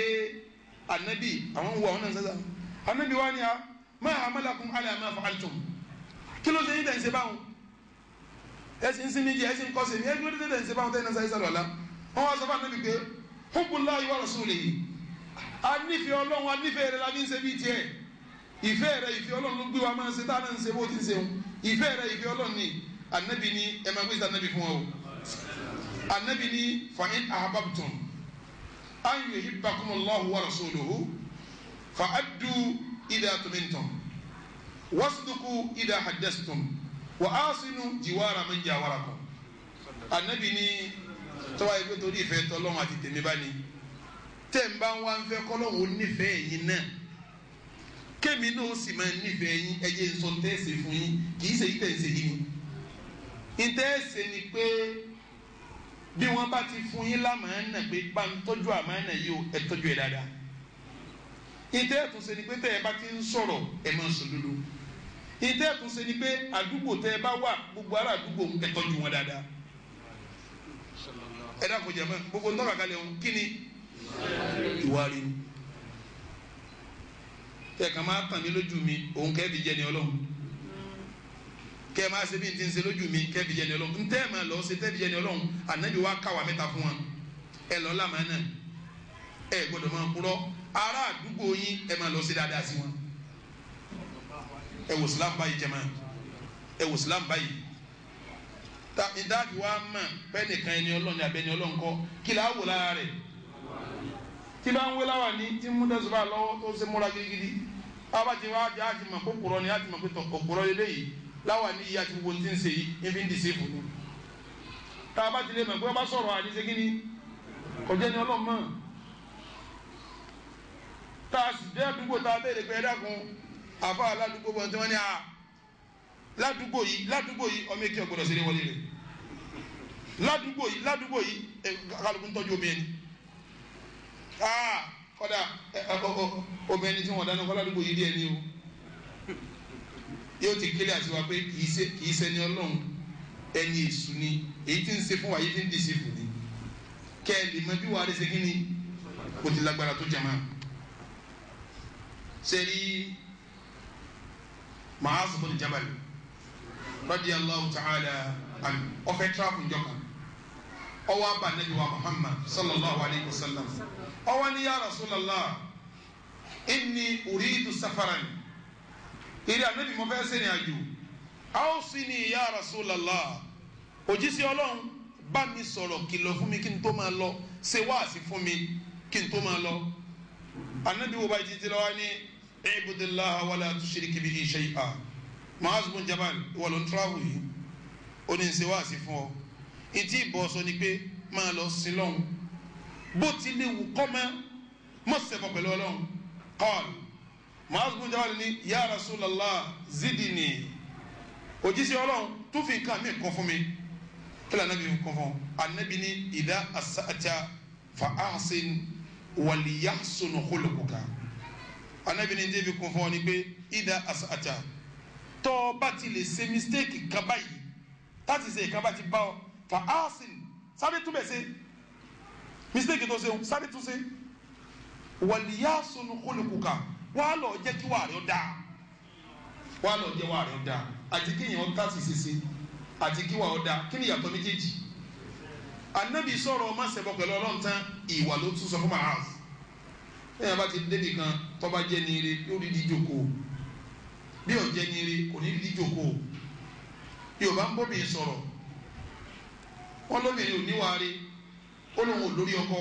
anabi àwọn wo àwọn náà ń anabi wa ni a ma amalakum ala ma fa'altum kí ló ṣe yín dẹ̀nsẹ̀ báwọn ẹ̀sìn sinmi jẹ ẹ̀sìn kọ́sẹ̀ ní ẹ̀dúró dẹ̀ dẹ̀nsẹ̀ báwọn tẹ̀ náà sàlùwàlá wọ́n wá sọ fún anabi pé hubbulahi wa rasulihi anífẹ̀ẹ́ ọlọ́run anífẹ̀ẹ́ rẹ̀ la ní í ṣe bí ìfẹ́ rẹ ìfẹ́ ọlọ́run ló gbé wa máa ń ṣe táwọn ń ṣe bó ti ń ṣe wọn ìfẹ́ rẹ ìfẹ́ ọlọ́run ni anabi ni ẹ máa ń gbèsè anabi fún wa o anabi ni fàyín ahababtum an yuhibbakumullahu wa rasuluhu fa addu ida tumintum wasduku ida haddastum wa asinu jiwara man jawarakum anabi ni tọ́wá yìí pé torí ìfẹ́ tọ́lọ́run àti tèmi bá ní tẹ̀ ń bá wá fẹ́ kọ́lọ́run ó yìí náà kémi náà sì máa nífẹ̀ẹ́ yín ẹyẹ nsọ ntẹ́ẹ̀sẹ̀ fún yín kì í ṣe ìtẹ̀sẹ̀ yín ni ntẹ́ẹ̀sẹ̀ ni pé bí wọ́n bá ti fún yín lámàánà pé bá ń tọ́jú àmàánà yìí o ẹ tọ́jú ẹ dáadáa ntẹ́ẹ̀túnṣe ni pé tẹ́ ẹ bá ti ń sọ̀rọ̀ ẹ máa sọ dúdú ntẹ́ẹ̀túnṣe ni pé àdúgbò tẹ́ ẹ bá wà gbogbo ará àdúgbò ẹ tọ́jú wọn dáadáa ẹ dákun jẹ́ mọ́ gbogbo ntọ́kàkalẹ̀ ọ̀hún tẹ kàn máa tàn mí lójú mi òun kẹ́ fi jẹ ní ọlọ́run kẹ́ máa ṣe bí n ti ń ṣe lójú mi kẹ́ fi jẹ ní ọlọ́run ntẹ́ máa lọ ṣe tẹ́ fi jẹ ní ọlọ́run ànábi wa káwa mẹ́ta fún wa ẹ lọ lámàá náà ẹ gbọ́dọ̀ máa kúrò ará àdúgbò yín ẹ máa lọ ṣe dáadáa sí wọn ẹ wò sílámù báyìí jẹ́ máa ẹ wò sílámù báyìí ta ìdáàbí wa mọ̀ pé nìkan ẹni ọlọ́ni abẹ́ni ọlọ́nkọ́ kí la wò lára rẹ̀ tí bá ń wé láwà ní tí mú tẹ̀síwá lọ́wọ́ tó ṣe múra gidigidi ọba ti wá di àti mọ̀ kó kúrọ̀ ni àti mọ̀ pé tọ̀ òkúrọ̀ lé léyìí láwa ní iye àti wo ti ń ṣe yìí ibi ń di sí ti lè mọ̀ pé ọba sọ̀rọ̀ àdìsẹ́ kí ni ọjọ́ ni ọlọ́run mọ̀ tá a sì dé àdúgbò tá a béèrè pé ẹ dákun àbá aládùúgbò bọ̀ tí wọ́n ní a ládùúgbò yìí ládùúgbò yìí ọmọ èké ọ̀gbọ̀dọ̀ sí wọlé rẹ̀ ládùúgbò yìí ládùúgbò yìí kálukú ń kọ́dà omi ẹni tí wọ́n dáná kọ́dà àdúgbò yìí díẹ̀ ni o yóò ti kílẹ̀ àti wa pé kìí ṣe ni ọlọ́run ẹni èṣù ni èyí tí ń ṣe fún wa yìí ti ń dìṣe fún ni kẹ́ ẹ lè mọ bí wàá rí ṣe kí ni kò ti lágbára tó jàmá sẹ́ni màá sọ fún ìjábá yìí radiyallahu ta'ala anhu ọ̀fẹ́ tíráfù njọ́ka ọwọ́ abà nàbí wa Muhammad sallallahu alayhi wa sallam ọwọ́ ní ya Rasulullah inni uridu safaran eré anabi mo fẹ́ sẹ́ni àjò awsini ya Rasulullah òjísé ọlọ́run bá mi sọ̀rọ̀ kìlọ̀ fún mi kí n tó máa lọ ṣe wáàsí fún mi kí n tó máa lọ anabi wo bá jíjí lọ́wọ́ ní ibudillah wala tushiriki bihi shay'a Mu'az bin Jabal ìwọ ló ń tíráwù yìí ó ní ṣe wáàsí fún ọ ìtì ìbọ̀sọ ni pé máa lọ sílọ́hún bó ti lè wù kọ́mọ mọ̀ sẹ́kọ̀ pẹ̀lú ọlọ́run kọ́ọ̀lù Mu'adh bin Jabal ní ya Rasulullah zidini òjíṣẹ́ ọlọ́run tó fi nǹkan mi kún fún mi kílà anabi mi kún fún anabi ní ìdá asa'ata fa ahsin waliyahsun khuluquka anabi ní débi kún fún ọ ni pé ìdá asa'ata tọ́ ọ bá ti lè ṣe mistake kan báyìí láti ṣe ìkan bá ti bá ọ fa ahsin sábẹ́ túbẹ̀ ṣe mistake tó ṣe sáré tún ṣe wàlíyá sunu kólókùkà wàá lọ jẹ́ kí wàá rẹ ó dáa wàá lọ jẹ́ wàá rẹ ó dáa àti kí èèyàn ká sì ṣeṣe àti kí wàá ó dáa kí ni ìyàtọ̀ méjèèjì anabi sọ̀rọ̀ ọmọ sẹ̀bọ̀ pẹ̀lú ọlọ́run tán ìwà ló tún sọ fún mahaf ẹ̀yàn bá ti débi kan tọ́ba jẹ́ ní ire yóò rí di jókòó bí ò jẹ́ ní ire kò ní rí di jókòó yorùbá ń bóbi sọ̀rọ̀ wọn lóbìnrin ò níwàá rí ó lóun ò lórí ọkọ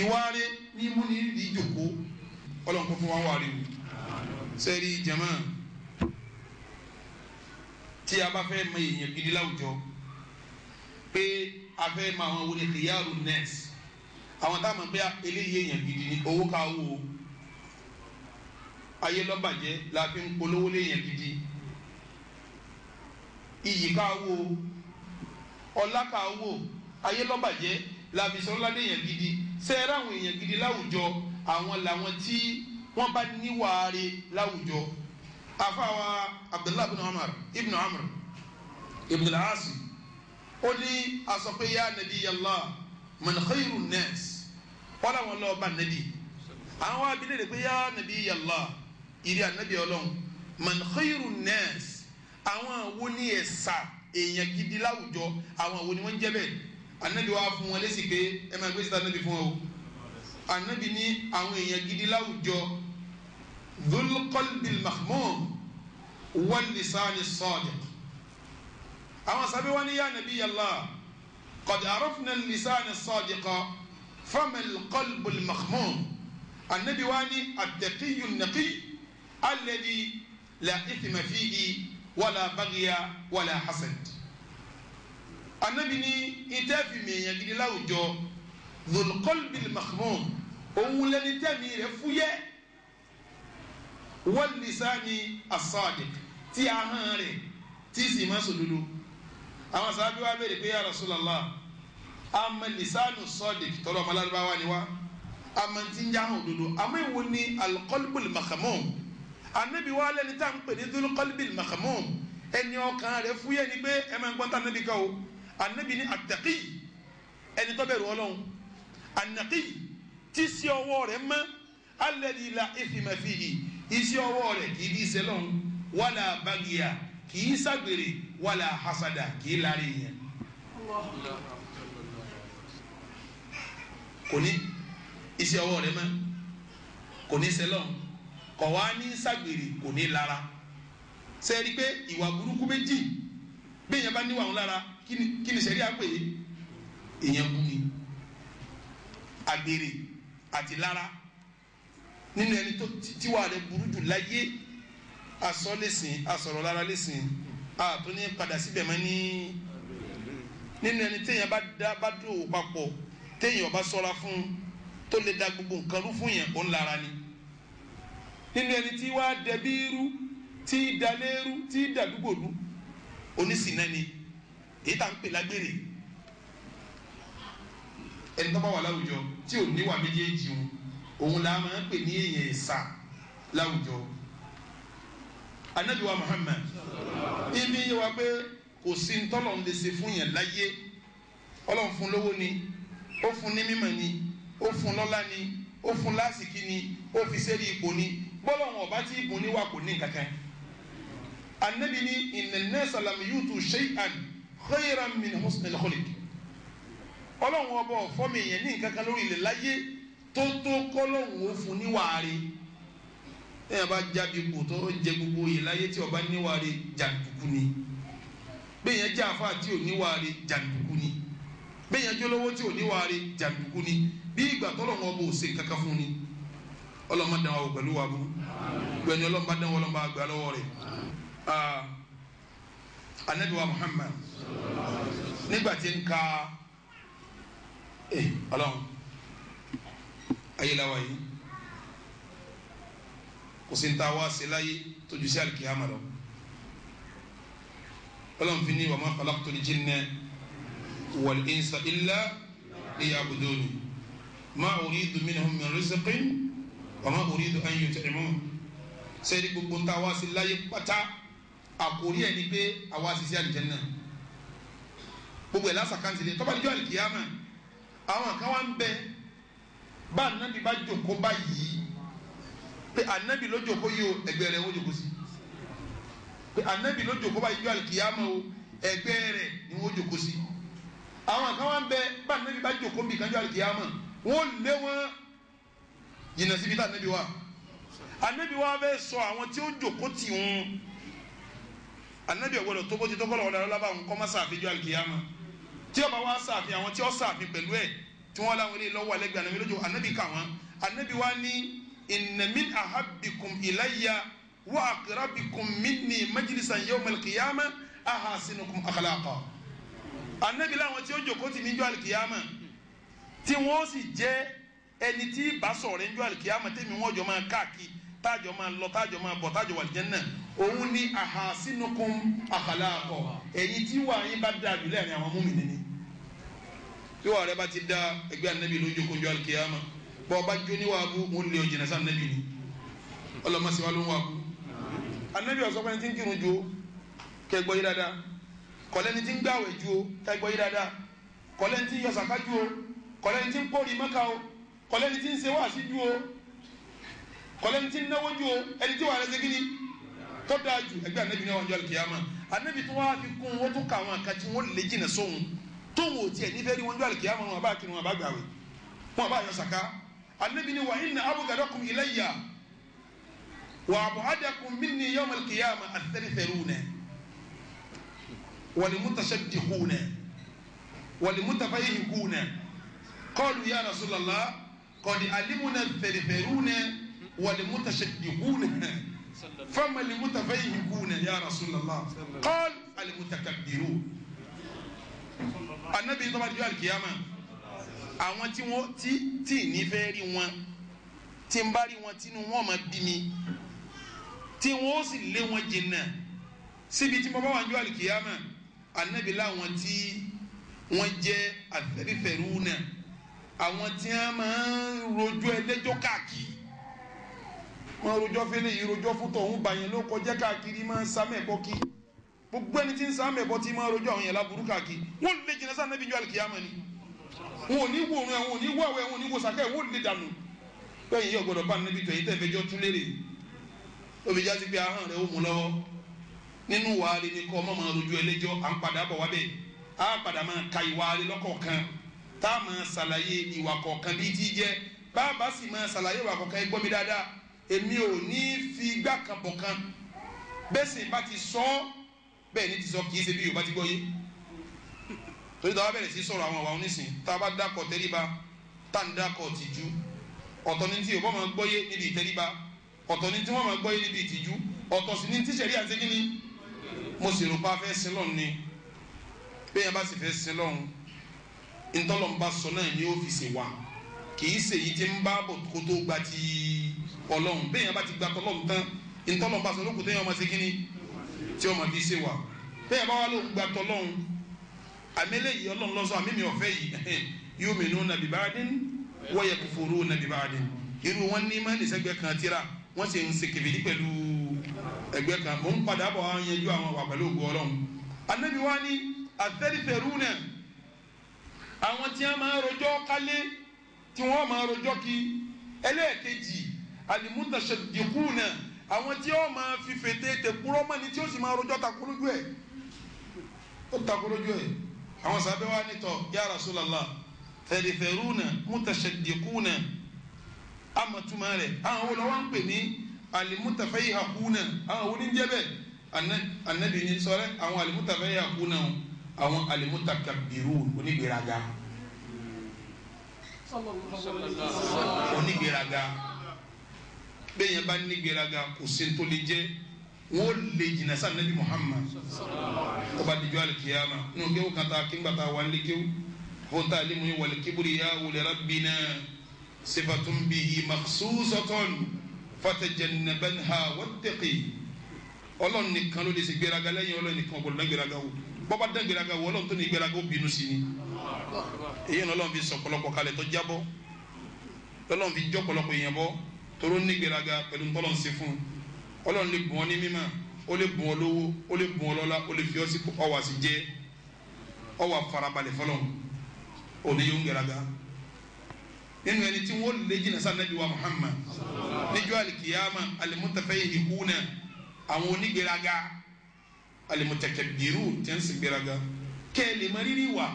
ìwárí ní múni ní ìjòkó ọlọ́run kó fún wa wárí o sẹ́rí jama tí a bá fẹ́ mọ èèyàn gidi láwùjọ pé a fẹ́ mọ àwọn wọlé kìyàrú nẹ́ẹ̀sì àwọn táwọn mọ̀ pé eléyìí èèyàn gidi ni owó ká wò ó ayé lọ́bàjẹ́ la fi ń polówó léèyàn gidi iyì ká wò ó ọlá ká wò ó ayé lọ́bàjẹ́ làbí sọlọ́ládé yẹn gidi sẹ́ẹ̀rẹ́ àwọn èèyàn gidi láwùjọ àwọn làwọn tí wọ́n bá níwàáre láwùjọ afáwa abdullahi ibn umar ibn amr ibn al-asi ó ní asọ̀pẹ́yà nàbí yàlla man khayru nas wọ́n làwọn lọ́ọ́ bá nàbí àwọn abilé rẹ̀ pé yá nàbí yàlla ìrì ànábì ọlọ́run man khayru àwọn àwo ni ẹ̀sà èèyàn gidi láwùjọ àwọn àwo ni wọ́n jẹ́ bẹ́ẹ̀ anabi wa fún wọn lésì pé ẹ máa gbé síta anabi fún wọn o anabi ní àwọn èèyàn gidi láwùjọ dhulqalbil mahmum wal lisani sadiq àwọn sábẹ́ wọn ni yá nabi yàlla qad arafna lisani sadiqa famal qalbul mahmum anabi wa ni attaqiyyu naqi alladhi la ithma fihi wala baghiya wala hasad anabi ni itẹ́fi mèèyàn gidi láwùjọ zulqalbil mahmud òun lẹni tẹ́mi rẹ̀ fúyẹ́ wal lisani as-sadiq tí a hàn rẹ̀ tí sì máa sòdodo àwọn sábẹ́ wa bẹ̀rẹ̀ pé ya Rasulullah ama lisanu as-sadiq tọ́lọ́ ọmọlábáwá ni wá ama ti ń jáhàn òdodo àmọ́ ìwo ni alqalbul mahmud anabi wa lẹni tá à ń pè ní zulqalbil mahmud ẹni ọkàn rẹ̀ fúyẹ́ ni pé ẹ máa ń gbọ́ntàn níbi kan o anabi ní àtàkì ẹni tó bẹ̀rù ọlọ́run ànàkì tí sí ọwọ́ rẹ̀ mọ́ alladhi la ithma fihi iṣẹ́ ọwọ́ rẹ̀ kì í bí iṣẹ́ lọ́hùn wàlà bagiya kì í ṣàgbèrè wàlà hasada kì í lárí yẹn. kò ní iṣẹ́ ọwọ́ rẹ̀ mọ́ kò ní iṣẹ́ kò wá ní ṣàgbèrè kò ní lára sẹ́ẹ̀rí pé ìwà burúkú méjì bí èèyàn bá níwà lára Kini ni sẹ́rí àpè èèyàn bú ni àgbèrè àti lára nínú ẹni tó tiwa rẹ burú jù láyé asọ lẹ́sìn asọ̀rọ̀ lára lẹ́sìn àtò ní padà síbẹ̀ mọ́ ní nínú ẹni téèyàn bá dá bá dùn òwò papọ̀ téèyàn bá sọ́ra fún tó lè da gbogbo nǹkan rú fún yẹn òun lára ni nínú ẹni tí wàá dẹbi irú tí dalẹ́rú tí dàdúgbò lu onísìnà ni èyí tá à ń pè lágbèrè ẹni tó bá wà láwùjọ tí ò níwà méjèèjì o òun là á máa ń pè ní èèyàn ẹ̀sà láwùjọ anabiwa Muhammad ibi yẹ wa pé kò sí ntọ́lọ̀ ń lè ṣe fún yẹn láyé ọlọ́run fún lówó ni ó fún ní mímọ̀ ni ó fún lọ́lá ni ó fún lásìkí ni ó fi sẹ́rí ipò ni bọ́lọ́run ọba tí ìbùn ni wà kò ní nǹkan anabi ni ìnẹ̀nẹ́ sàlámù yóò tún ṣe àn khayran min husnil khuluq ọlọ́run ọba ọ̀fọ́mi yẹn ní nǹkan kan lórí ilẹ̀ láyé tó tó kọ́lọ́run ó fún níwàárí ẹ̀yàn bá jáde kù tó jẹ gbogbo yìí láyé tí ọba níwàárí jàǹdùkú ni bẹ́ẹ̀ yẹn jẹ́ àfa tí ò níwàárí jàǹdùkú ni bẹ́ẹ̀ yẹn jẹ́ olówó tí ò níwàárí jàǹdùkú ni bí ìgbà tọ́lọ́run ọba ò ṣe kankan fún ni ọlọ́mọdé wa ò pẹ̀lú wa bú gbẹ̀yìn ọlọ́mọdé wa ọlọ́mọ anabi wa muhammad nígbà tí ń ka ẹ eh, ọlọ́run ayélujára yìí kò sí ń ta wá sí láyé tójú sí alikiyama lọ ọlọ́run fi ní wa ma khalaqtul jinna wal insa illa liya'buduni ma uridu minhum min rizqin wa ma uridu an yut'imun sẹ́yìn gbogbo ń wá sí pátá àkórí ẹ̀ ni pé àwa ṣiṣẹ́ àlùjànnà gbogbo ẹ̀ lásàkáǹtì lé tọ́ba níjọ́ àlùkìyàmà àwọn kan wá ń bẹ bá ànábì bá jòkó báyìí pé ànábì ló jòkó yìí o ẹgbẹ́ rẹ̀ ó jòkó sí pé ànábì ló jòkó báyìí jọ́ àlùkìyàmà o ẹgbẹ́ rẹ̀ ni wọ́n jòkó sí àwọn kan wá ń bẹ bá ànábì bá jòkó kan jọ́ àlùkìyàmà wọ́n lé wọn yìnyín síbi tá ànábì wà ànábì wà fẹ́ sọ àwọn tí ó jòkó tì wọn anabi ọ̀gbọ́dọ̀ tó bójú tó kọ́ lọ́wọ́dà lọ́la bá ń kọ́ má sàfin ju alikiyama tí ọba wa sàfin àwọn tí ọ sàfin pẹ̀lú ẹ̀ tí wọ́n láwọn ilé lọ́wọ́ alẹ́ gbé anabi lójú anabi kà wọ́n anabi wa ní ìnàmín ahabikum ilayya wa akirabikum minni majlisan yawm alikiyama ahasinukum akhlaqa anabi láwọn tí ó jókòó tì mí ju alikiyama tí wọ́n sì jẹ́ ẹni tí ìbásọ̀rẹ́ ju alikiyama tẹ̀mí wọ́n jọ máa káàkiri táàjọ máa lọ táàjọ máa bọ̀ táàjọ wà lìjẹ́ náà òun ni àhàsínukùn àkàlàkọ èyí tí wà yín bá dáa jù lẹ́yìn àwọn múmi nìní tí wà rẹ bá ti da ẹgbẹ́ anabi lójú kojú alikiyama bọ́ ọba jó ní wàá bú òun lè jìnnà sá anabi ni ọlọmọsíwá ló ń wàá bú anabi ọ̀sọ́fún ẹni tí ń kírun ju o kẹgbọ́ yí dáadáa kọ́lẹ́ni tí ń gbàwẹ̀ ju o kẹgbọ́ yí dáadáa kọ́lẹ́ni tí ń yọ sàká ju o kọ́lẹ́ni tí ń pòrí mọ́ka o kọ́lẹ́ni tí ń ṣe wáàsí ju o kọ́lẹ́ni tí ń náwó ju o ẹni tí wàá rẹ ṣe ni tó dáa jù ẹgbẹ́ anabi ní ọjọ́ alikiyama anabi tó wá fi kún wọ́n tó ka àwọn àkàtì wọ́n lè jìnnà sóhun tóun ò tiẹ̀ nífẹ̀ẹ́ rí wọn jọ alikiyama wọn bá kiri wọn bá gbàwé wọn bá yọ sàká anabi ní wa inna abghadakum ilayya wa ab'adakum minni yawm alikiyama ath-thalithun wal-mutashaddiqun wal-mutafayyiqun qalu ya rasulallah qad alimna ath-thalithun wal فما المتفيهقون يا رسول الله قال المتكبرون anabi tó bá di alikiyama àwọn tí wọn tí tí ní fẹ́ rí wọn tí ń bá rí wọn tí wọn máa bí mi tí wọn ó sì lé wọn jìnnà síbi tí mo bá wà ní alikiyama anabi láwọn tí wọn jẹ́ àfẹ́rífẹ́rú náà àwọn tí wọn máa ń rojọ́ ẹlẹ́jọ́ káàkiri wọn rojọ́ fẹ́lẹ́ yìí rojọ́ fún tọ̀hún bàyẹn ló kọjá káàkiri máa ń sámẹ̀ bọ́ kí gbogbo ẹni tí ń sámẹ̀ bọ́ tí máa rojọ́ àwọn yẹn láburú káàkiri wọn lè jìnnà sáà nẹ́bí ju alikiyama ni wọn ò ní wo òun wọn ò ní wo àwẹ̀ wọn ò ní wo sàkẹ́ wọn ò lè dànù bẹ́ẹ̀ yìí ọ̀gbọ́dọ̀ bá nẹ́bí tó yìí tẹ̀fẹ́jọ́ túlérè òbí já sí pé ahọ́n rẹ̀ ó mú lọ́wọ́ nínú wàhálì ni kọ́ ọmọ máa rojọ́ ẹlẹ́jọ́ à ń padà bọ̀ wá bẹ́ẹ̀ á padà máa ka ìwà èmi ò ní fi igbá kan bọ̀ kan bẹ́ẹ̀ sì bá ti sọ ọ́ bẹ́ẹ̀ ni ti sọ kì í ṣe bí yorùbá ti gbọ́ yé torí tá a bá bẹ̀rẹ̀ sí sọ̀rọ̀ àwọn àwa onísìn tá a bá dákọ̀ tẹ́ríba tá a ń dákọ̀ tìjú ọ̀tọ̀ ni tí yorùbá máa gbọ́ yé níbi ìtẹ́ríba ọ̀tọ̀ ni tí wọ́n máa gbọ́ yé níbi ìtìjú ọ̀tọ̀ sì ni tí sẹ̀rí àti kíni mo sì rò pa fẹ́ sin ni bẹ́ẹ̀ bá sì fẹ́ sin lọ́run sọ náà ni ó fi kì í ṣèyí tí ń bá bọ̀ kó tó ọlọ́run bẹ́ẹ̀ yẹn bá ti gba tọ́lọ́run tán ìtọ́lọ́run bá sọ lókun tẹ́yìn ọmọ ṣe tí ọmọ fi ṣe wà bẹ́ẹ̀ yẹn bá wà lóhun gba tọ́lọ́run àmẹ́lẹ́ yìí ọlọ́run lọ́sọ àmẹ́mi ọ̀fẹ́ yìí yu'minuna bi ba'din wa yakfuruna bi ba'din irú wọn ní má ní sẹ́gbẹ́ kan tíra wọ́n sì ń ṣe kèfèrí pẹ̀lú ẹgbẹ́ kan mò ń padà bọ̀ àwọn yẹn ju àwọn wà pẹ̀lú ògùn ọlọ́run anabi wa ni àtẹ́rìfẹ̀rúnà àwọn tí wọ́n máa rojọ́ kálé tí wọ́n máa rojọ́ kí ẹlẹ́ẹ̀kejì alimutasadiquna àwọn tí ó máa fi fètè tẹ̀kúrọ́ mọ́ ni tí ó sì máa rojọ́ takolójú ẹ̀ ó takolójú ẹ̀ àwọn sábẹ́ wa nítọ̀ ya Rasulallah tẹ̀lifẹ̀rúnà mutasaddiquna amatuma rẹ̀ àwọn wo lọ́wọ́ ń pè ní alimutafayihakuna àwọn wo ní jẹ́bẹ̀ anabi ní sọ́rẹ́ àwọn alimutafayihakuna àwọn alimutakabirun onígbèraga onígbèraga bẹ́ẹ̀ yẹn bá nígbéraga kò sí tó lè jẹ́ wọ́n lè jìnnà sáà nàbí Muhammad ọba dìjọ́ alikiyama nínú kéwù kan tá a kí n gbà tá a wà nílé fún tá a lè wàlẹ̀ kíburu yá wòlẹ̀ rabbina sifatun bihi maksusatun fatajannabanha wattaqi ọlọ́run nìkan ló lè ni gbéraga lẹ́yìn ọlọ́run nìkan ọ̀gbọ̀n lẹ́gbẹ̀rẹ̀ga wò bọ́ba dán gbéraga wò ọlọ́run tó ní gbéraga ó bínú sí ni èyí ni ọlọ́run fi sọ̀pọ̀lọpọ̀ kalẹ̀ tó jábọ́ ọlọ́run fi jọ́pọ̀lọpọ̀ èèyàn bọ́ toro ní gbéraga pẹ̀lú ntọ́lọ̀ ń ṣe fún ọlọ́run lè bùn ọ ní mímọ́ ó lè bùn ọ lówó ó lè bùn ọ lọ́lá ó lè fi ọ sí ọwà sí jẹ́ ọwà farabalẹ̀ fọlọ́ òní yóò ń nínú ẹni tí wọ́n lè jìnnà sáà nàbí wa Muhammad níjọ́ alikiyama alimutafayihikuna àwọn onígbéraga alimutakabiru tí ń sì gbéraga kẹ́ẹ̀ lè mọ rírì wà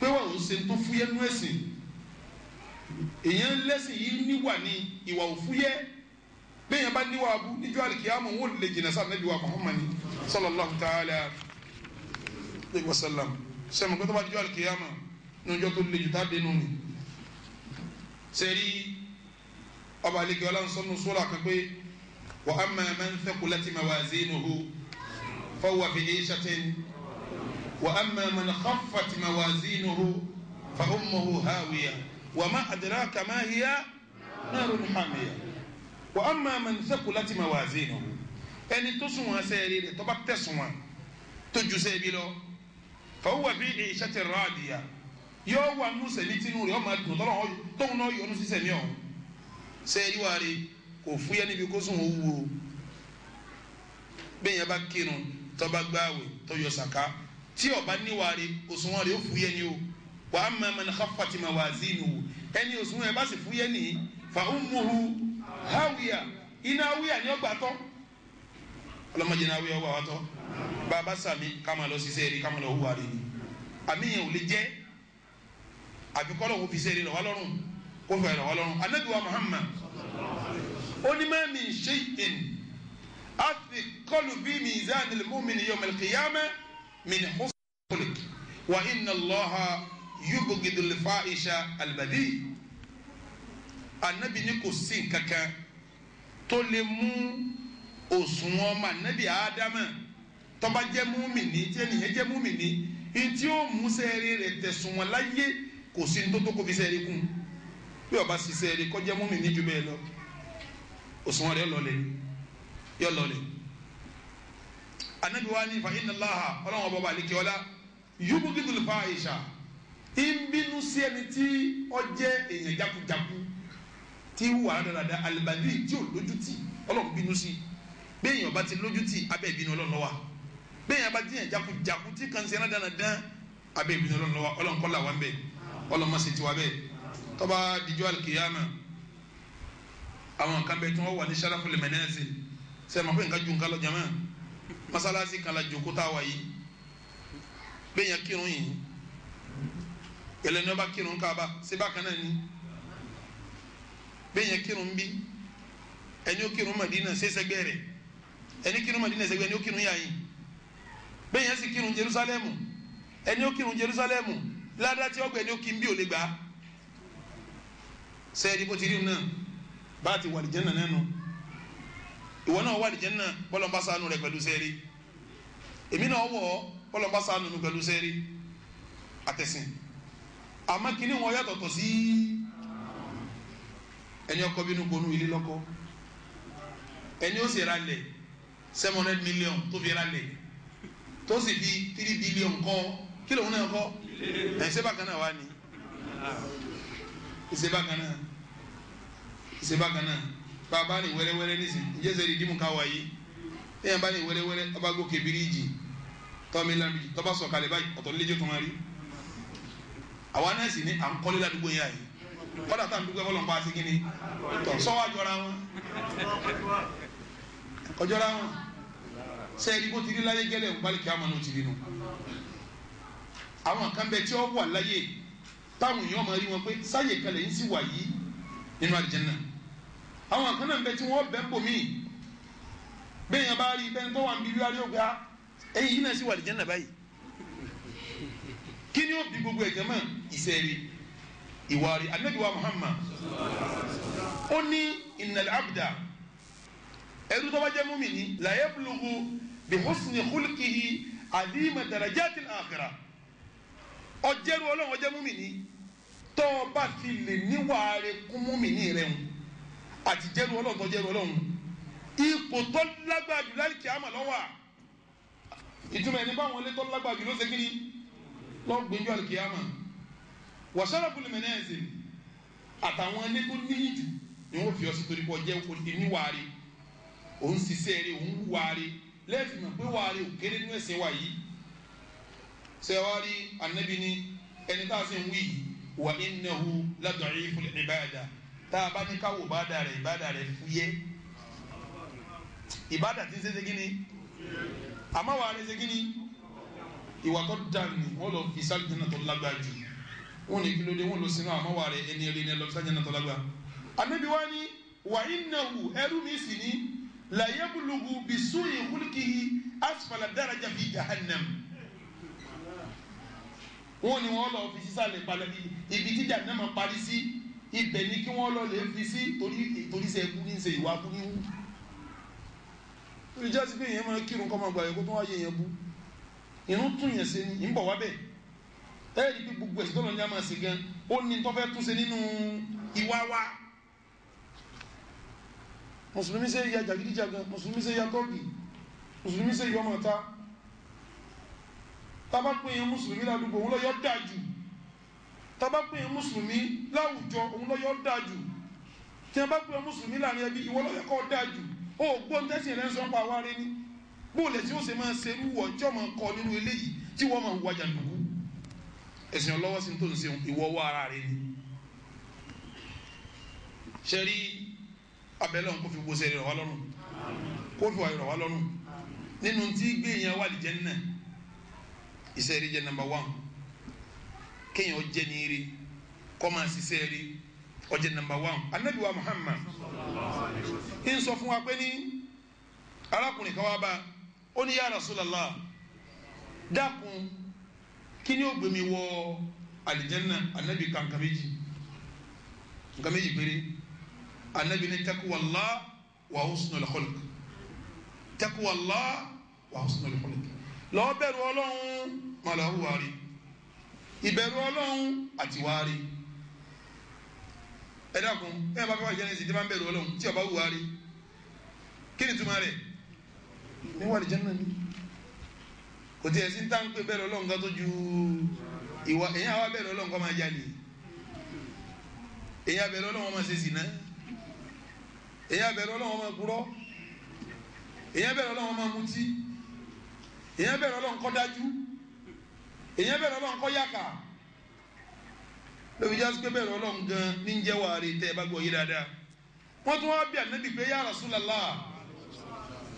pé wà ó èèyàn lẹ́sìn yìí níwà ní ìwà òfúyẹ́ bẹ́ẹ̀yàn bá níwà abú níjọ́ àlìkìyàmù wọn lè jìnnà sáà nẹ́bí wa Muhammad sallallahu ta'ala wa sallam sẹ́mi kótó bá níjọ́ àlìkìyàmù níjọ́ tó lè jù tá dénú mi. sẹ́rí ọba àlekè ọlọ́run sọ́nù sura kan pé wa amma man thaqulat mawazinuhu fahuwa fi 'ishatin wa amma man khaffat mawazinuhu fa ummuhu hawiya wàmà àdìrà kàmá hìyà náírà muhammed wà á máa ma nsẹ́kù láti máa wà sí inú ẹni tó sùn wọn sẹ́yìn rẹ̀ tọ́ba tẹ̀ sùn wọn tó ju sẹ́yìn bí lọ fàwọn wà bí ìṣe ti rà àdìyà yóò wà nù sẹ́mi tinú rẹ̀ ọmọ àdùn tọ́lọ́ tóun náà yọnu sí sẹ́mi ọ̀ sẹ́yìn wà rí kò fúyẹ́ níbi kó sùn ó bẹ́ẹ̀ yẹn bá kírun tọ́ba gbáwé tọ́yọ sàká tí ọba níwàá rí òṣùwọ̀n rẹ̀ ó fúyẹ́ ni o wà á mọ̀ mẹ́ni xafati ma wà zi nu ẹni òsùn ẹ bá sì fúyẹ́ nìyí fa umuhu hawiya iná hawiya ni ó gbà tọ́ ọlọ́mọdé náà hawiya ó gbà wá tọ́ bàbá sàmì kàmá lọ sí sẹ́ẹ̀rì kàmá lọ hùwà rẹ̀ ni àmì yẹn ò lè jẹ́ àfikọ́lọ̀ kò fi sẹ́ẹ̀rì rẹ̀ wá lọ́rùn muhammad onímọ̀mí ṣẹ́yìn afikọ́lù bí mizanil mumin yawm al min husn kulik wa inna allaha yubugidul faisha albadi anabi ni kò sí kankan tó lè mú òṣùwọ̀n ọmọ anabi àádámà tó bá jẹ́ múmìnì tí ẹnìyẹn jẹ́ múmìnì ntí ó mú sẹ́ẹ̀rì rẹ̀ tẹ̀sùnwọ̀n láyé kò sí ní tótó kó fi sẹ́ẹ̀rì kún bí ó sì sẹ́ẹ̀rì kó jẹ́ múmìnì ju bẹ́ẹ̀ lọ òṣùwọ̀n rẹ̀ lọlẹ̀ yọ lọlẹ̀ anabi wa ni fa inna Allaha ọlọ́wọ́n bọ̀ bá àlekè ọlá yubugidul faisha ń bínú sí ẹni tí ó jẹ́ èèyàn jákujáku tí wà dáadáa alibadi tí ò lójútì ọlọ́run bínú sí béèyàn bá ti lójútì abẹ́ ìbínú ọlọ́run lọ́wọ́ béèyàn bá jẹ́yàn jákujáku tí kàn sẹ́yìn dáadáa abẹ́ ìbínú ọlọ́run lọ́wọ́ ọlọ́run kọ́ làwọn bẹ́ẹ̀ ọlọ́run má ṣe tiwa bẹ́ẹ̀ tó bá dijọ́ àwọn kan bẹ tí wọ́n wà ní sarafu masalasi kan la joko tá a ẹlẹ́ni ọba kírun kába síbá kan náà ni bẹ́ẹ̀ yẹn kírun bí ẹni ó kírun Madina sẹ́sẹ́gbẹ́ rẹ̀ ẹni kírun Madina sẹ́gbẹ́ ẹni ó kírun yàyìn bẹ́ẹ̀ yẹn sì Jerusalemu ẹni ó kírun Jerusalemu ládàá tí ọgbẹ́ ẹni ó kí n bí ò lè gbà á sẹ́ẹ̀dì bó ti rí náà bá a ti wà lìjẹ́ náà nẹ́nu ìwọ náà wà lìjẹ́ náà bọ́lọ̀ bá sànù rẹ̀ èmi náà wọ̀ bọ́lọ̀ bá sànù rẹ̀ pẹ̀lú sẹ́ẹ̀rì àmọ́ kíní wọn yàtọ̀tọ̀ sí ẹni ọkọ bínú gbonú ilé lọ́kọ ẹni ó sì ra lẹ̀ seven hundred million tó fi ra lẹ̀ tó sì fi three billion kọ́ kí lóun náà kọ́ ẹ̀ ṣé bákan náà wá ni ṣé bákan náà ṣé bákan náà bàbá ni wẹ́rẹ́wẹ́rẹ́ nísìnyí ìjẹ́sẹ̀ ìdí mú ká wáyé ẹ̀yàn bá ní wẹ́rẹ́wẹ́rẹ́ ọba gòkè bíríìjì tọ́mílámìjì tọ́ba sọ̀kalẹ̀ báyìí ọ̀tọ̀ nílé jẹ́ tó máa rí àwa náà sì ní à ń kọ́lé ládùúgbò yẹn àyè kọ́dà tá à ń dúpẹ́ fọlọ́n pa á sí kínní tọ̀ sọ́wọ́ àjọra wọn ọjọ́ra wọn sẹ́ẹ̀dì bó ti rí láyé gẹ́lẹ́ ògbálẹ̀ kí á mọ̀ ní o ti rí nu àwọn kan bẹ tí ó wà láyé táwọn èèyàn máa rí wọn pé sáyè kalẹ̀ ń sì wà yìí nínú àlìjẹ́nà àwọn kan náà bẹ tí wọ́n bẹ́ bò míì bẹ́ẹ̀ yẹn bá rí bẹ́ẹ̀ tó wà ń bí wíwá rí ògbà ẹ̀yìn ah, náà sì wà àlìjẹ́nà báyìí kí ni ó bí gbogbo ẹ̀jẹ̀ mọ́ ìsẹ̀rí ìwárí anabiwa muhammad ó ní innal abda ẹ̀rú tó bá jẹ́ múmìnì la yablughu bi husni khulqihi adima darajati al-akhirah ọjẹ́rú ọlọ́run ọjẹ́ múmìnì tó o bá fi lè níwàárẹ̀ kún múmìnì rẹ̀ ń àtijẹ́rú ọlọ́run tó jẹ́rú ọlọ́run ipò tó lágbàá jù lálẹ́ kìámà lọ́wọ́ à ìtumọ̀ ẹni báwọn ilé tó ló ṣe kí lọ́gbẹ́jọ́ alikiyama wàsára bulu mẹ́nẹ́ẹ̀sì àtàwọn ẹni tó níyì jù ni wọ́n fi ọ sí torí kọ́ jẹ́ oníwàárí òun ṣiṣẹ́ rẹ̀ òun wàárí lẹ́ẹ̀fì mọ̀ pé wàárí ò kéré nínú ẹ̀sìn wa yìí sẹ́wárí anabi ni ẹni tá a sì ń wí wà innahu lada'iful ìbáàdà tá a bá ní káwọ́ ìbáàdà rẹ̀ ìbáàdà rẹ̀ fúyẹ́ ìbáàdà ti ń ṣe ṣe àmọ́ wàárí ṣe kí ni ìwà tó dáa ni wọ́n lọ fi sáré jẹ́nà tó lágbá jù wọ́n ní kílódé wọ́n lọ sínú àmọ́ wà rẹ̀ ẹni ẹ̀rẹ́ ni ẹ lọ sáré jẹ́nà tó lágbá. anabi wa ni wà innahu ẹrú mi sì ni la yablugu bisu'i khulqihi asfala daraja fi jahannam wọ́n ní wọ́n lọ fi sísàlẹ̀ palẹ̀ ibi tí jahannam parí sí ibẹ̀ ni kí wọ́n lọ lè fi sí torí torí sẹ́ ẹkú ní ṣe ìwà kú ní wú. ìjọ́sìn pé èèyàn máa kírun kọ́ máa gbà yẹ kó tó wáyé irun tún yẹn ṣe ní bọ̀ wá bẹ́ẹ̀ ẹ̀rí bí gbogbo ẹ̀sìn tọ́lọ́ ní a máa ṣe gan ó ní tọ́fẹ́ tún ṣe nínú ìwà wa mùsùlùmí ṣe ya jàgídíjàgan mùsùlùmí ṣe ya tọ́gì mùsùlùmí ṣe yọ mọ̀ta tábà pín in mùsùlùmí ládùúgbò òun lọ́yọ́ dáa jù tábà pín in mùsùlùmí láwùjọ òun lọ́yọ́ dáa jù tí a bá pín in mùsùlùmí láàrin ẹbí ìwọ kọ́ dáa jù ó gbọ́ ẹ̀rẹ́ ń sọ́n pa wá ni bóòlù tí ó ṣe máa ṣe wúwọ jọ máa kọ nínú eléyìí tí wọ́n máa ń wájà lùkú ẹ̀sìn ọlọ́wọ́ sí tó ń ṣe ìwọ́wọ́ ara rẹ ni. ṣe rí abẹ́lẹ́ òun kó fi gbóṣe rẹ̀ wá lọ́rùn kó fi wà rẹ̀ wá lọ́rùn nínú tí gbé yẹn wà lìjẹ́ nínà iṣẹ́ rí jẹ́ nàmbà wán kéèyàn jẹ́ ní rí kọ́ máa ṣiṣẹ́ rí ọjẹ́ nàmbà wán anabi Muhammad ń sọ fún wa pé ní arákùnrin kan wá bá a ó ní ya Rasulullah dákun kí ni ó gbé mi wọ alijanna anabi kan nǹkan méjì nǹkan méjì péré anabi ní takuwala wa husnul khuluq takuwala wa husnul khuluq lọ́ọ́ bẹ̀rù ọlọ́run màláhù wárí ìbẹ̀rù ọlọ́run àti wárí ẹ dákun ẹ bá fẹ́ wá jẹ́ ní ìsìn tí ń bẹ̀rù ọlọ́run tí ọba wù wárí kí ni túmọ̀ rẹ̀ ìníwà lè jẹ́ náà ni kò tiẹ̀ sí tá ń bẹ́ẹ̀ lọ́lọ́ nǹkan tó ju ìwà èyí àwa bẹ́ẹ̀ lọ́lọ́ nǹkan máa jalè èyí àbẹ̀ lọ́lọ́ wọn máa ṣe sìnà èyí àbẹ̀ lọ́lọ́ wọn máa kúrọ́ èyí àbẹ̀ lọ́lọ́ wọn máa mutí èyí àbẹ̀ lọ́lọ́ nǹkan dájú èyí àbẹ̀ lọ́lọ́ nǹkan yàkà lóbi jásí pé bẹ́ẹ̀ lọ́lọ́ nǹkan ní ń jẹ́ wàá rí tẹ́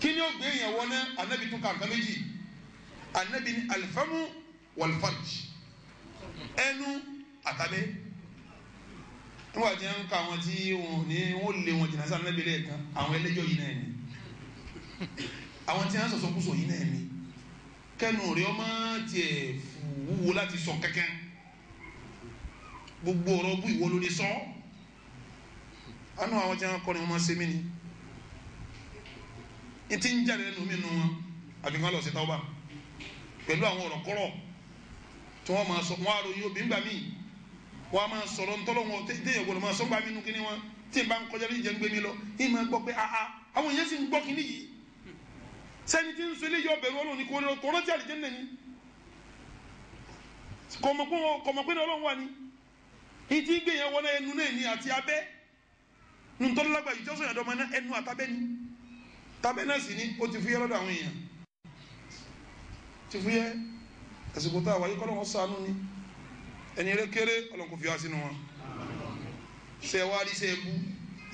kí ni ó gbé yẹn wọ anabi tún ka nǹkan méjì anabi ni alifamu walifarij ẹnu àtàbẹ níwà jẹ́ ń ka àwọn tí wọn ní wọn lé wọn jìnnà sí anabi lẹ́ẹ̀kan àwọn ẹlẹ́jọ́ yìí náà ni àwọn tí wọn sọ̀sọ̀ kúsọ̀ yìí náà ni kẹnu rẹ ọmọ tiẹ̀ wúwo láti sọ kankan gbogbo ọ̀rọ̀ bú ìwọ ló lè sọ àánú àwọn tí wọn kọ́ ni wọn máa ń ṣe ni ntí ń jáde lẹ́nu mi nu wọn àfi kan lọ sí tawba pẹ̀lú àwọn ọ̀rọ̀ kọ́rọ̀ tí wọ́n máa sọ wọn àròyìn obì ńgbà míì wọn máa sọ̀rọ̀ ntọ́lọ́ wọn téèyàn gbọ́dọ̀ máa sọ gbà mí nu kíní wọn tí n bá ń kọjá lóyún jẹ́ gbé mi lọ yín máa gbọ́ pé aa àwọn yẹn sì ń gbọ́ kíní yìí sẹ́ni tí ń sọ eléyìí ọbẹ̀rù ọlọ́run kò rọ kò rántí àlìjẹ́ nìyí kọ̀mọ̀pẹ́ ní ọlọ́run wà ní ìtí gbé yẹn wọlé ẹnu náà ní àti abẹ́ nùtọ́lọ́lágbà ìjọsìn àdọ́mọ ni tàbí náà sì ni ó ti fúyẹ́ lọ́dọ̀ àwọn èèyàn ti fúyẹ́ àsìkò tá a wáyé kọ́lọ́wọ́ sànú ni ẹni eré kéré ọlọ́run kò fi wá sínú wọn ṣe wá rí ṣe bú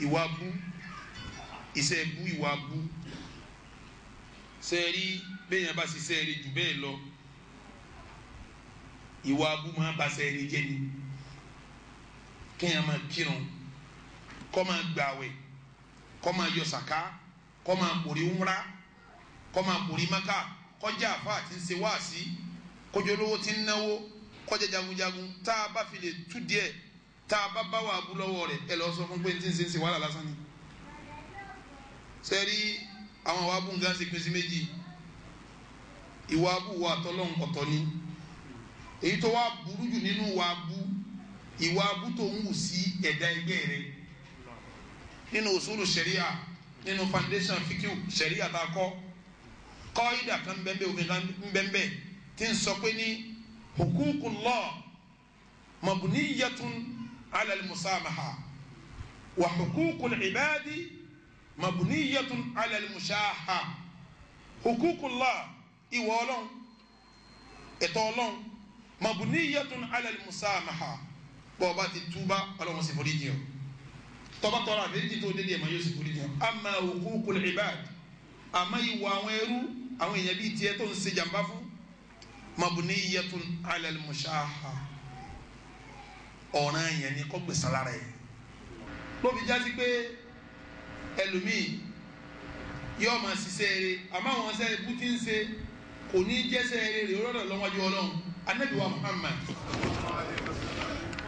ìwà bú ìṣe bú ìwà bú ṣe rí bẹ́ẹ̀ yẹn bá ṣiṣẹ́ rí jù bẹ́ẹ̀ lọ ìwà abú máa ba ṣe rí jẹ́ ni kéèyàn máa kírun kó máa gbàwẹ̀ kó máa yọ sàká kọ́ máa kórè umra kọ́ máa kórè maka kọjá àfa àti ṣe wáàsí kọjọlówó ti ń náwó kọjá jagunjagun tá a bá fi lè tú díẹ̀ tá a bá bá wà bú lọ́wọ́ rẹ̀ ẹ lọ sọ fún pé n ti ń ṣe ń ṣe wàhálà lásán ni. sẹ́rí àwọn àwọn abúngá ṣe pín sí méjì ìwà abú wa tọ́lọ́hún ọ̀tọ̀ ni èyí tó wá burú jù nínú wa abú ìwà abú tó ń wù sí ẹ̀dá ẹgbẹ́ rẹ̀ nínú òṣùlù ṣẹ̀ríà nínú foundation fikiu sẹ̀rí àtàkọ́ kọ́ ìdá kan bẹ́ẹ̀ òfin kan bẹ́ẹ̀ tí ń sọ pé ní hukukullah mabniyatun ala al-musamaha wa hukukul ibadi mabniyatun ala al-mushaha hukukullah ìwọ ọlọ́run ẹ̀tọ́ ọlọ́run mabniyatun ala musamaha bọ́ọ̀ ti túbá ọlọ́run sì forí o tọba tọrọ àforíjì tó dédé ẹ̀mọ́ yóò sì forí jẹun ama huququl ibad àmọ́ ìwà àwọn ẹrú àwọn èèyàn bíi tiẹ̀ tó ń ṣe jàmbá fún mabuniyatun ala al-mushaha ọ̀ràn yẹn ni kọ́ gbèsè lára yẹn lóbi jáde pé ẹlòmíì yóò máa ṣiṣẹ́ eré àmọ́ àwọn ṣe é bútí ń ṣe kò ní jẹ́sẹ̀ eré rè rọ́rọ̀ lọ́wọ́jú ọlọ́run anábìwá Muhammad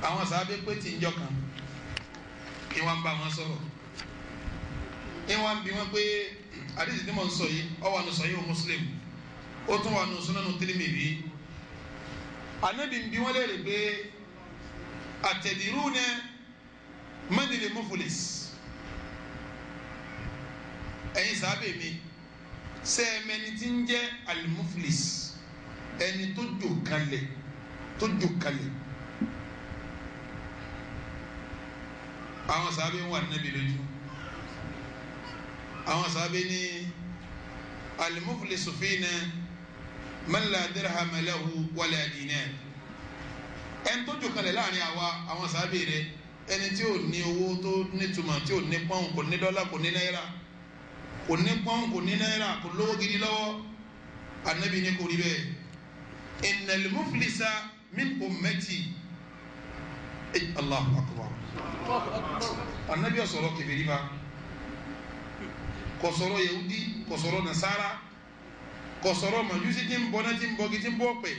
àwọn sábẹ́ pé tí ń jọ kan ni wọ́n bá wọn sọ̀rọ̀ ni wọ́n bi wọn pé àdìsí ni mò ń sọ yìí ó wà nù Sahihu Muslim ó tún wà nù Sunanu Tirmidhi anabi bi wọn léèrè pé àtẹ̀dìrú ni mẹ́nìlì muflis ẹ̀yin sábẹ́ mi sẹ́ẹ̀mẹ́ni tí ń jẹ́ alimuflis ẹni tó jò kalẹ̀ tó jò kalẹ̀. àwọn sábẹ́ ń wà níbi lójú àwọn sábẹ́ ní al-muflisu fina man la dirhama lahu wala dinar ẹni tó jù kalẹ̀ láàrin àwa àwọn sábẹ́ rẹ ẹni tí ò ní owó tó nítumọ̀ tí ò ní pọ́n kò ní dọ́là kò ní náírà kò ní pọ́n kò ní náírà kò lówó gidi lọ́wọ́ anabi ní kò rí bẹ́ẹ̀ innal muflisa min ummati Allahu akbar anabi ọ̀sọ̀rọ̀ kẹfẹ́rí ma kọ̀sọ̀rọ̀ yahudi kọ̀sọ̀rọ̀ nasara kọ̀sọ̀rọ̀ majusi ti ń bọ̀ náà ti ń bọ̀ kí ti ń bọ̀ pẹ̀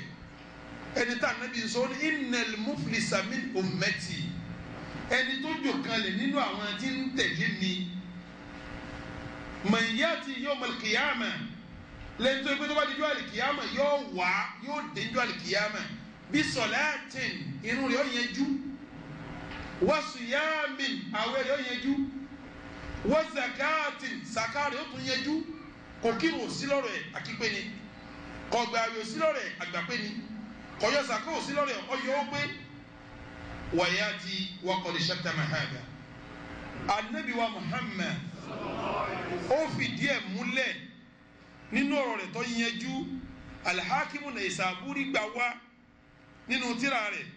ẹni anabi sọ inel muflisa min ummeti ẹni tó jò kalẹ̀ nínú àwọn tí ń tẹ̀lé mi mọ̀nyáàtì yóò mọ̀lìkìyàmà lẹ́yìn tó yẹ pé tó bá di jọ àlìkìyàmà yóò wá yóò dé jọ àlìkìyàmà bí sọ̀láàtìn irun rẹ̀ ó yẹn jú wọ́sùyáàmì àwẹ̀ rẹ̀ ó yẹjú wọ́sàkáàtì sàkáàrì ó tún yẹjú kò kírun òsí lọ́rọ̀ ẹ̀ àkípé ni kọ̀gbà àwẹ̀ òsí lọ́rọ̀ ẹ̀ àgbàpé ni kọ̀yọ́ sàkáà òsí lọ́rọ̀ ẹ̀ ọyọ́ ó pé wàyà ti wakọ̀lẹ̀ ṣẹ́tà mahada anabi wa muhammad ó fìdí ẹ̀ múlẹ̀ nínú ọ̀rọ̀ rẹ̀ tó yẹjú alhakimu na ìsàbúrí gbà wá nínú tírà rẹ̀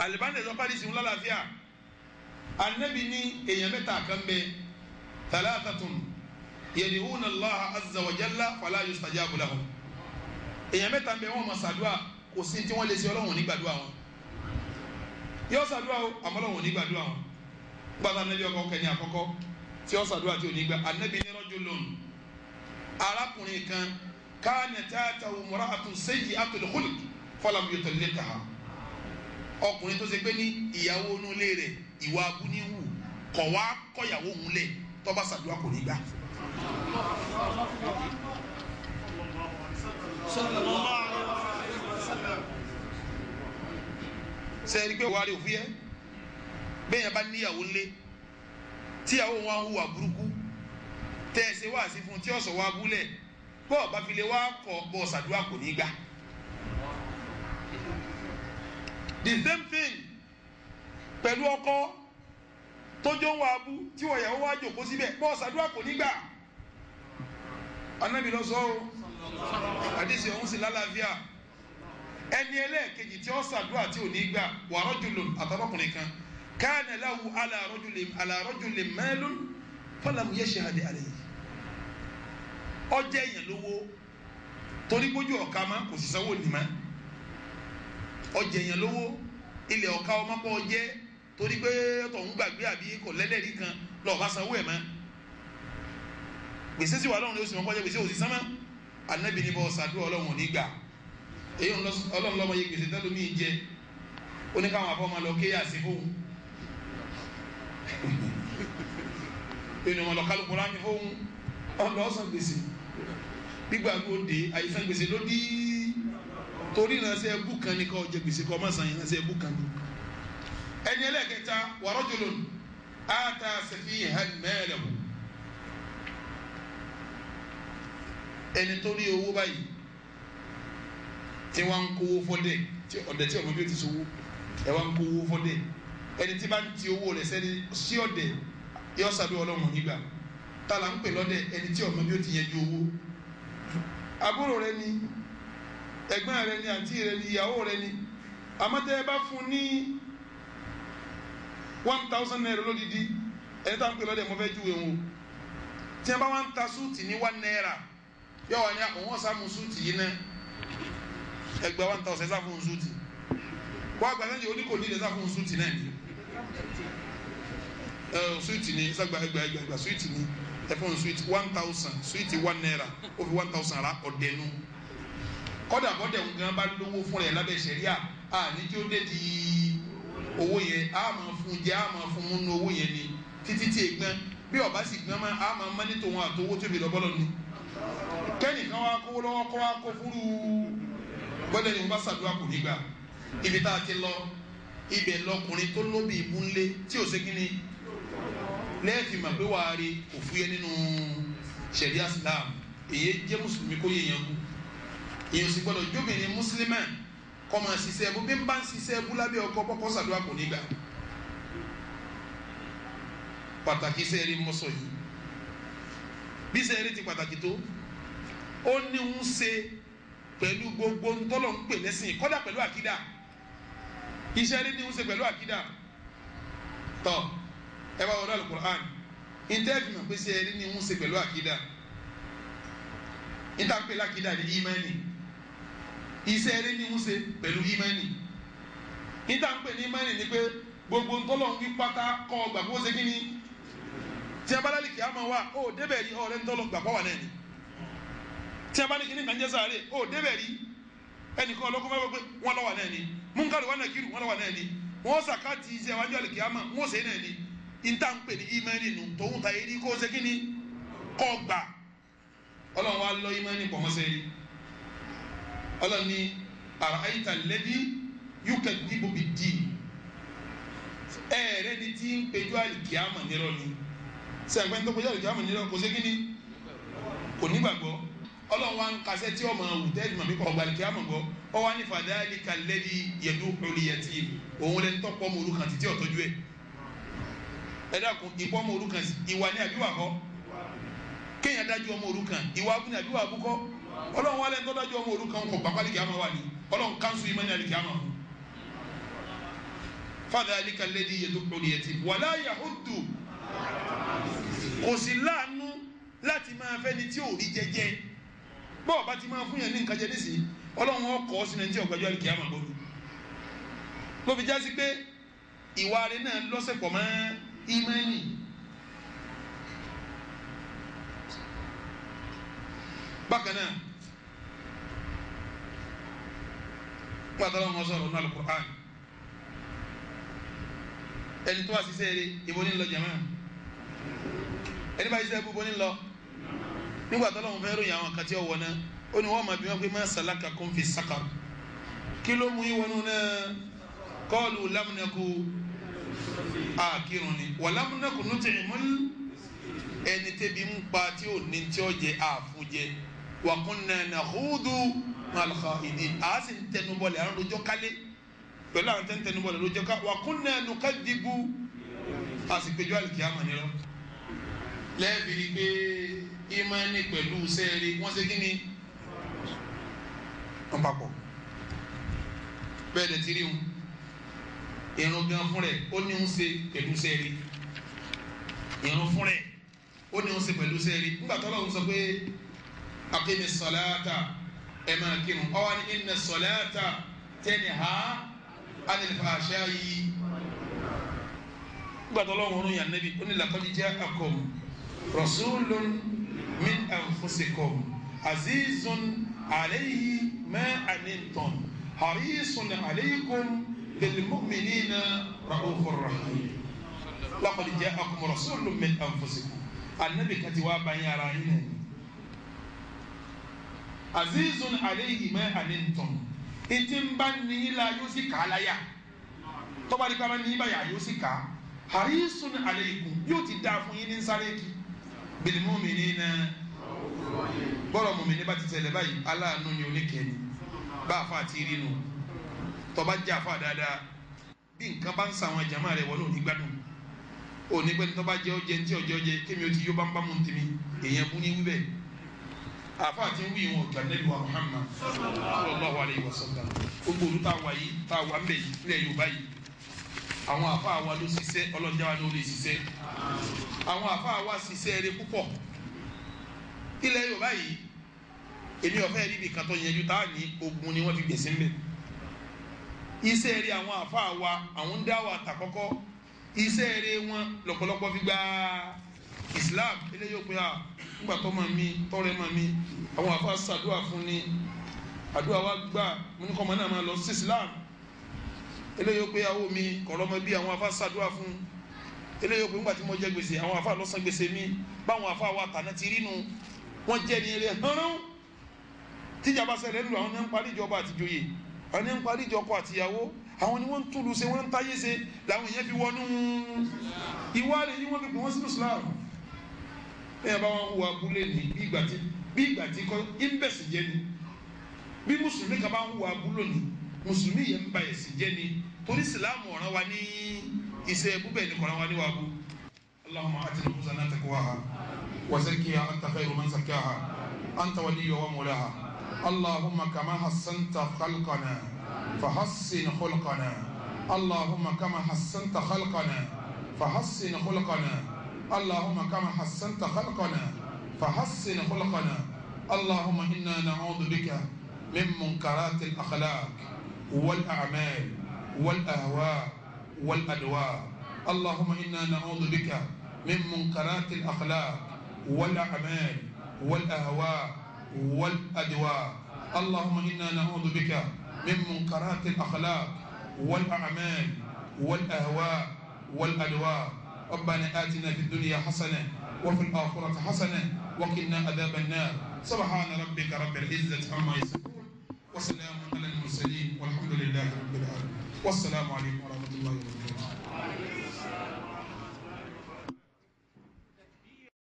alibani sọ pàdé sinwó lálàáfíà anabi ní èèyàn mẹ́ta kan bẹ thalathatun yad'una Allaha azza wa jalla fala yustajabu lahum èèyàn mẹ́ta bẹ wọ́n ma ṣàdúà kò sí tí wọ́n lè ṣe Ọlọ́run ní gbàdúà wọn yóò ṣàdúà o àmọ́ Ọlọ́run ní gbàdúà wọn gbàdá anabi ọkọ kẹni àkọ́kọ́ tí ó ṣàdúà tí ò ní gbà anabi ní rajulun arákùnrin kan káàní tààtà òmùrà àtúnṣe yìí àtúnṣe khuliq falam yutalliqha ọkùnrin tó ṣe pé ní ìyàwó inú ilé rẹ̀ ìwà abúníwù kọ̀ wá kọ̀yàwó òun lẹ̀ tọ́ba ṣàdúrà kò ní gbà. sẹ́ẹ̀rí pé wàá rí òfin yẹn bẹ́ẹ̀ yẹn bá níyàwó ńlé tíyàwó wọn hùwà burúkú tẹ́ wá sí fún tí ọ̀sọ̀ wa búlẹ̀ bọ́ọ̀ bá fi lè wá kọ̀ bọ́ọ̀ ṣàdúrà kò ní gbà. the same thing pẹ̀lú ọkọ tójó ń wá abú tí wọ́n yàwó wá jòkó síbẹ̀ bọ́ ṣàdúrà kò ní gbà anábì lọ sọ o àdìsí ọ̀hún sí lálàáfíà ẹni ẹlẹ́ẹ̀kejì tí ó ṣàdúrà tí ò ní gbà wà rọ́jùlùm àtọ́rọ́kùnrin kan káàní láwù alàrọ́jùlẹ̀ alàrọ́jùlẹ̀ mẹ́lún fọlàmù yẹ ṣe àdé àlẹ́ yìí ọjẹ́ yẹn lówó torí gbójú ọ̀ka máa kò sì sanwó nìmá ọjà èèyàn lówó ilẹ̀ ọ̀ka ọmọ pọ̀ jẹ́ torí pé tọ̀hún gbàgbé àbí kò lẹ́lẹ́rìí kan lọ́ọ̀ bá sanwó ẹ̀ mọ́ gbèsè sí wa lọ́run ló sì mọ́ kọ́jẹ́ gbèsè òsì sánmọ́ anabi ni bọ́ ṣàdúrà ọlọ́run nígbà èyí ọlọ́run lọ́mọ yẹ gbèsè tẹ́lómi jẹ ó ní káwọn afọ́ máa lọ kéyà sí fóun ènìyàn máa lọ kálukú láti fóun ọlọ́sàn gbèsè gbígbàgbọ́ de àìsàn gbèsè ló dìí torí ìránṣẹ́ ẹbú kan ní kọ́ jẹ gbèsè kọ́ máa san ìránṣẹ́ ẹbú kan ní. ẹni ẹlẹ́kẹta wa rajulun ata safihan malahu ẹni tó ní owó báyìí tí wọ́n ń kówó fọ́dẹ̀ tí ọ̀dẹ̀ tí ọmọ bí ó ti sọ́wọ́ ẹ̀ wọ́n ń kówó fọ́dẹ̀ ẹni tí bá ń ti owó rẹ̀ sẹ́ni sí ọ̀dẹ̀ yọ sábẹ́ ọlọ́run nígbà tá là ń pè lọ́dẹ̀ ẹni tí ọmọ bí ti yẹn ju owó àbúrò rẹ ni ẹ̀gbọ́n rẹ ni àǹtí rẹ ni ìyàwó rẹ ni àmọ́tẹ́ one thousand naira lódìdí ẹni tá n pè lọ́dẹ̀ mo fẹ́ júwe wọn tí ẹ bá ta súùtì ní naira yọ wà àwọn sáàmù súùtì yìí náà one thousand súùtì àgbà sẹ́yìn oníkò nílẹ̀ súùtì náà ni súùtì ni súùtì ni súùtì one thousand súùtì one naira ó fi one thousand ra kọ́dà bọ́dẹ̀ nǹkan bá lówó fún rẹ̀ lábẹ́ sẹ̀ríà a ní kí ó dé di owó yẹn a máa fún jẹ a máa fún múnú owó yẹn ni títí tí ègbọn bí ọba sì gbọn mọ a máa mọ nítorí wọn àtọwọ́ tóbi lọ́bọ́lọ́ ni kẹ́nìkan wa kó lọ́wọ́ kó wa kó fúru bọ́dẹ̀ ni wọ́n bá ṣàdúrà kò ní gbà ibi tá a ti lọ ibẹ̀ lọkùnrin tó lóbi ìbúnlé tí ò ségin ni lẹ́ẹ̀fì mà pé wàá rí òfúyẹ́ nínú sẹ̀ríà Islam èyí jẹ́ mùsùlùmí kó yẹ yẹn kú èyí sì gbọ́dọ̀ jóbìnrin mùsùlùmí kọ́ máa ṣiṣẹ́ ẹbú bí n bá ń ṣiṣẹ́ ẹbú lábẹ́ ọkọ kọ́kọ́ ṣàdúrà kò ní gbà pàtàkì sẹ́ẹ̀rí mọ́sọ̀ yìí bí sẹ́ẹ̀rí ti pàtàkì tó ó ní ń ṣe pẹ̀lú gbogbo ntọ́lọ̀ ń pè lẹ́sìn kọ́dà pẹ̀lú àkídà iṣẹ́ rí ní ń ṣe pẹ̀lú àkídà tọ́ ẹ bá wọlé alukur'an intẹ́ẹ̀fì mọ̀ pé sẹ́ẹ̀rí ní ń ṣe pẹ̀lú àkídà ìtàpẹ̀lú àkídà ní ìmánì iṣẹ́ rí ni ń ṣe pẹ̀lú ìmánì níta ń pè ní ìmánì ni pé gbogbo ntọ́lọ̀ ń pátá kọ́ ọgbà ṣe kí ni tí a bá lálẹ́ kí a máa wà ó débẹ̀ rí ọ̀rẹ́ ntọ́lọ̀ gbà wà náà ni tí a bá ní kí ni kànjẹ́ sáré ó débẹ̀ rí ẹnìkan ọlọ́kọ́ fẹ́ pé wọ́n lọ́wọ́ náà ni múnkàlù wọn nàkírù wọn lọ́wọ́ náà ni wọ́n sàkáàtì iṣẹ́ wájú àlẹ́ kí ni níta ń pè ní ìmánì ọlọ́ni àràáyíta lẹ́bí yúkẹ́ dìbò bí dì ẹ̀ẹ́rẹ́ ni tí ń pejú àlìkíámà nírọ̀ ni sẹ́gbẹ́ ń tó pejú àlìkíámà nírọ̀ kò sí kí ni kò nígbàgbọ́ ọlọ́run wa ń kasẹ́ tí ọmọ wùtẹ́ẹ̀dì màmí kọ́ ọgbà àlìkíámà gbọ́ ọ wá ní fàdáàlì kàlẹ́bí yẹ̀dú olùyẹ̀tì òun lẹ́ni tọ́pọ̀ ọmọ olùkàn títí ọ̀tọ́jú ẹ̀ ẹ dákun ìpọ́ ọmọ olùkàn ìwà ni àbíwà kọ́ kéèyàn dájú ọmọ olùkàn ìwà abúni àbíwà abúkọ́ ọlọ́run wálé ń tọ́jú ọmọ òrukàn kò gbàgbá lìkì àmọ́ wà ní ọlọ́run kánṣu ìmọ̀ ní àlìkì àmọ́ fàdà àlìkà lẹ́dí yẹtù pọ̀lì ẹtì wàlá yahudu kò sí láàánú láti máa fẹ́ ni tí ò rí jẹjẹ bọ́ọ̀ bá ti máa fún yẹn ní nǹkan jẹ nísìnyí ọlọ́run ọkọ̀ ọ́ sínú ẹni tí ọ̀gbẹ́jọ́ àlìkì àmọ́ gbọ́dọ̀ ló jásí pé ìwà rẹ̀ náà lọ́sẹ̀ pọ̀ mọ́ bákan náà pàtàkì wọn sọ̀rọ̀ ní alukur'an ẹni tó wá sí sẹ́ẹ̀rẹ́ ibo ní lọ jẹ̀mọ́ ẹni bá iṣẹ́ ibo ní lọ nígbà tó lọ́wọ́ fẹ́ẹ́ ròyìn àwọn kan tí ó wọ̀ náà ó ní wọ́n máa bí wọ́n pé máa sàlákà kó ń fi sàkàrù kí ló mú ìwọ́nú náà kọ́ọ̀lù lámúnẹ́kù àkírun ni wà lámúnẹ́kù nùtìrìmú ẹni tẹ́bi ń pa tí ò ní tí ó jẹ àfúnjẹ wa kunna nakhudu ma'al kha'idin a sì ń tẹnubọlẹ̀ à ń rojọ́ kálé pẹ̀lú àwọn tẹ́ ń tẹnubọlẹ̀ rojọ́ ká wa kunna nukadibu a sì péjọ àlùkìyàmà nírọ́ lẹ́ẹ̀bì rí pé ìmánì pẹ̀lú sẹ́ẹ̀rì wọ́n ṣe kí ni irun gan fún ó ní ń ṣe pẹ̀lú sẹ́ẹ̀rì irun fún ó ní ń ṣe pẹ̀lú sẹ́ẹ̀rì nígbà tó lọ́wọ́ sọ pé akimi sọláàtà ẹ máa kírun ọ wá ní inna sọláàtà tẹni ha alẹ́lẹ́fà àṣà yìí gbàtọ́ lọ́wọ́ ọ̀run yà nẹ́bi ó ní laqad ja'akum rasulun min anfusikum azizun alayhi ma anittum harisun alaykum bilmu'minina ra'ufur rahim laqad ja'akum rasulun min anfusikum anabi katiwa banyara yìí nìyẹn azizun aleyhi ma anintun iti n ba ni la yóò sì kà á láyà tọ́ba ní kábà ní báyà yóò sì kà á harisun aleikum yóò ti dáa fún yín ní sáré kí bilimu mi ní na bọ́lọ̀ mu mi ní bá ti ṣẹlẹ̀ báyìí aláàánú ni oníkẹ́ni bá a fa àti rí nu tọ́ba jẹ́ àfa dáadáa bí nǹkan bá ń sa àwọn jàmáà rẹ̀ wọ́n ò ní gbádùn òní pẹ́ni tọ́ba jẹ́ ọjẹ́ ntí ọjẹ́ ọjẹ́ kémi ó ti yó bámbámu ntèmi èèyàn bú ní wíbẹ̀ àfa àti wíì wọn ọ̀tún ànábì wa Muhammad sallallahu alayhi wa sallam gbogbo olú tá a wà yìí tá a wà ń bẹ̀ yìí nílẹ̀ Yorùbá yìí àwọn àfa àwa ló ṣiṣẹ́ ọlọ́jà wa ló lè ṣiṣẹ́ àwọn àfa àwa ṣiṣẹ́ eré púpọ̀ ilẹ̀ Yorùbá yìí èmi ọ̀fẹ́ rí ibi kan tó yẹjú tá a ní ogun ni wọ́n fi gbèsè ń bẹ̀ iṣẹ́ eré àwọn àfa àwa àwọn ń dá wa tàkọ́kọ́ iṣẹ́ eré wọn lọ́pọ̀lọpọ̀ fi gbáà islam eléyìí ó pe à nígbà tó mọ̀ mí tọ́rẹ́ mọ̀ mí àwọn àfa ṣàdúrà fún ni àdúrà wa gbà mo náà máa lọ sí islam eléyìí ó pe àwọn mi kọ̀ọ̀lọ́mọ bí àwọn àfa ṣàdúrà fún eléyìí ó pe nígbà tí mo jẹ gbèsè àwọn àfa lọ́sàn gbèsè mi báwọn àfa wa tàná ti rí nu wọ́n jẹ́ ní eré hánrán tíjàmbá ṣẹlẹ̀ ńlò àwọn ní ń parí ìjọba àtijọ́yè àwọn ní ń parí ìjọkọ àtìyàwó àwọn ni wọ́n ń túlù ṣe wọ́n ń táyé ṣe làwọn èèyàn fi wọnú ìwádìí yìí wọ́n fi pè wọ́n sínú islam bẹ́ẹ̀ bá wọn hùwà abúlé ni bí ìgbà tí bí ìgbà tí kọ́ ìmbẹ̀sì jẹ́ ni bí mùsùlùmí kan bá hùwà abúlé ni mùsùlùmí yẹn ń ba ẹ̀sìn jẹ́ ni torí sìláàmù ọ̀ràn wa ní iṣẹ́ búbẹ̀ ní kọ̀ọ̀ràn wa ní wàá bú. اللهم آتنا حسنا تقواها وزكها أنت خير من زكاها أنت وليها ومولاها اللهم كما حسنت خلقنا فحسن خلقنا اللهم كما حسنت خلقنا فحسن خلقنا اللهم كما حسنت خلقنا فحسن خلقنا اللهم إنا نعوذ بك من منكرات الأخلاق والأعمال والأهواء والأدواء اللهم إنا نعوذ بك من منكرات الأخلاق والأعمال والأهواء والأدواء اللهم إنا نعوذ بك من منكرات الأخلاق والأعمال والأهواء والأدواء ربنا آتنا في الدنيا حسنة وفي الآخرة حسنة وقنا عذاب النار سبحان ربك رب العزة عما يصفون وسلام على المرسلين والحمد لله رب العالمين والسلام عليكم ورحمة الله وبركاته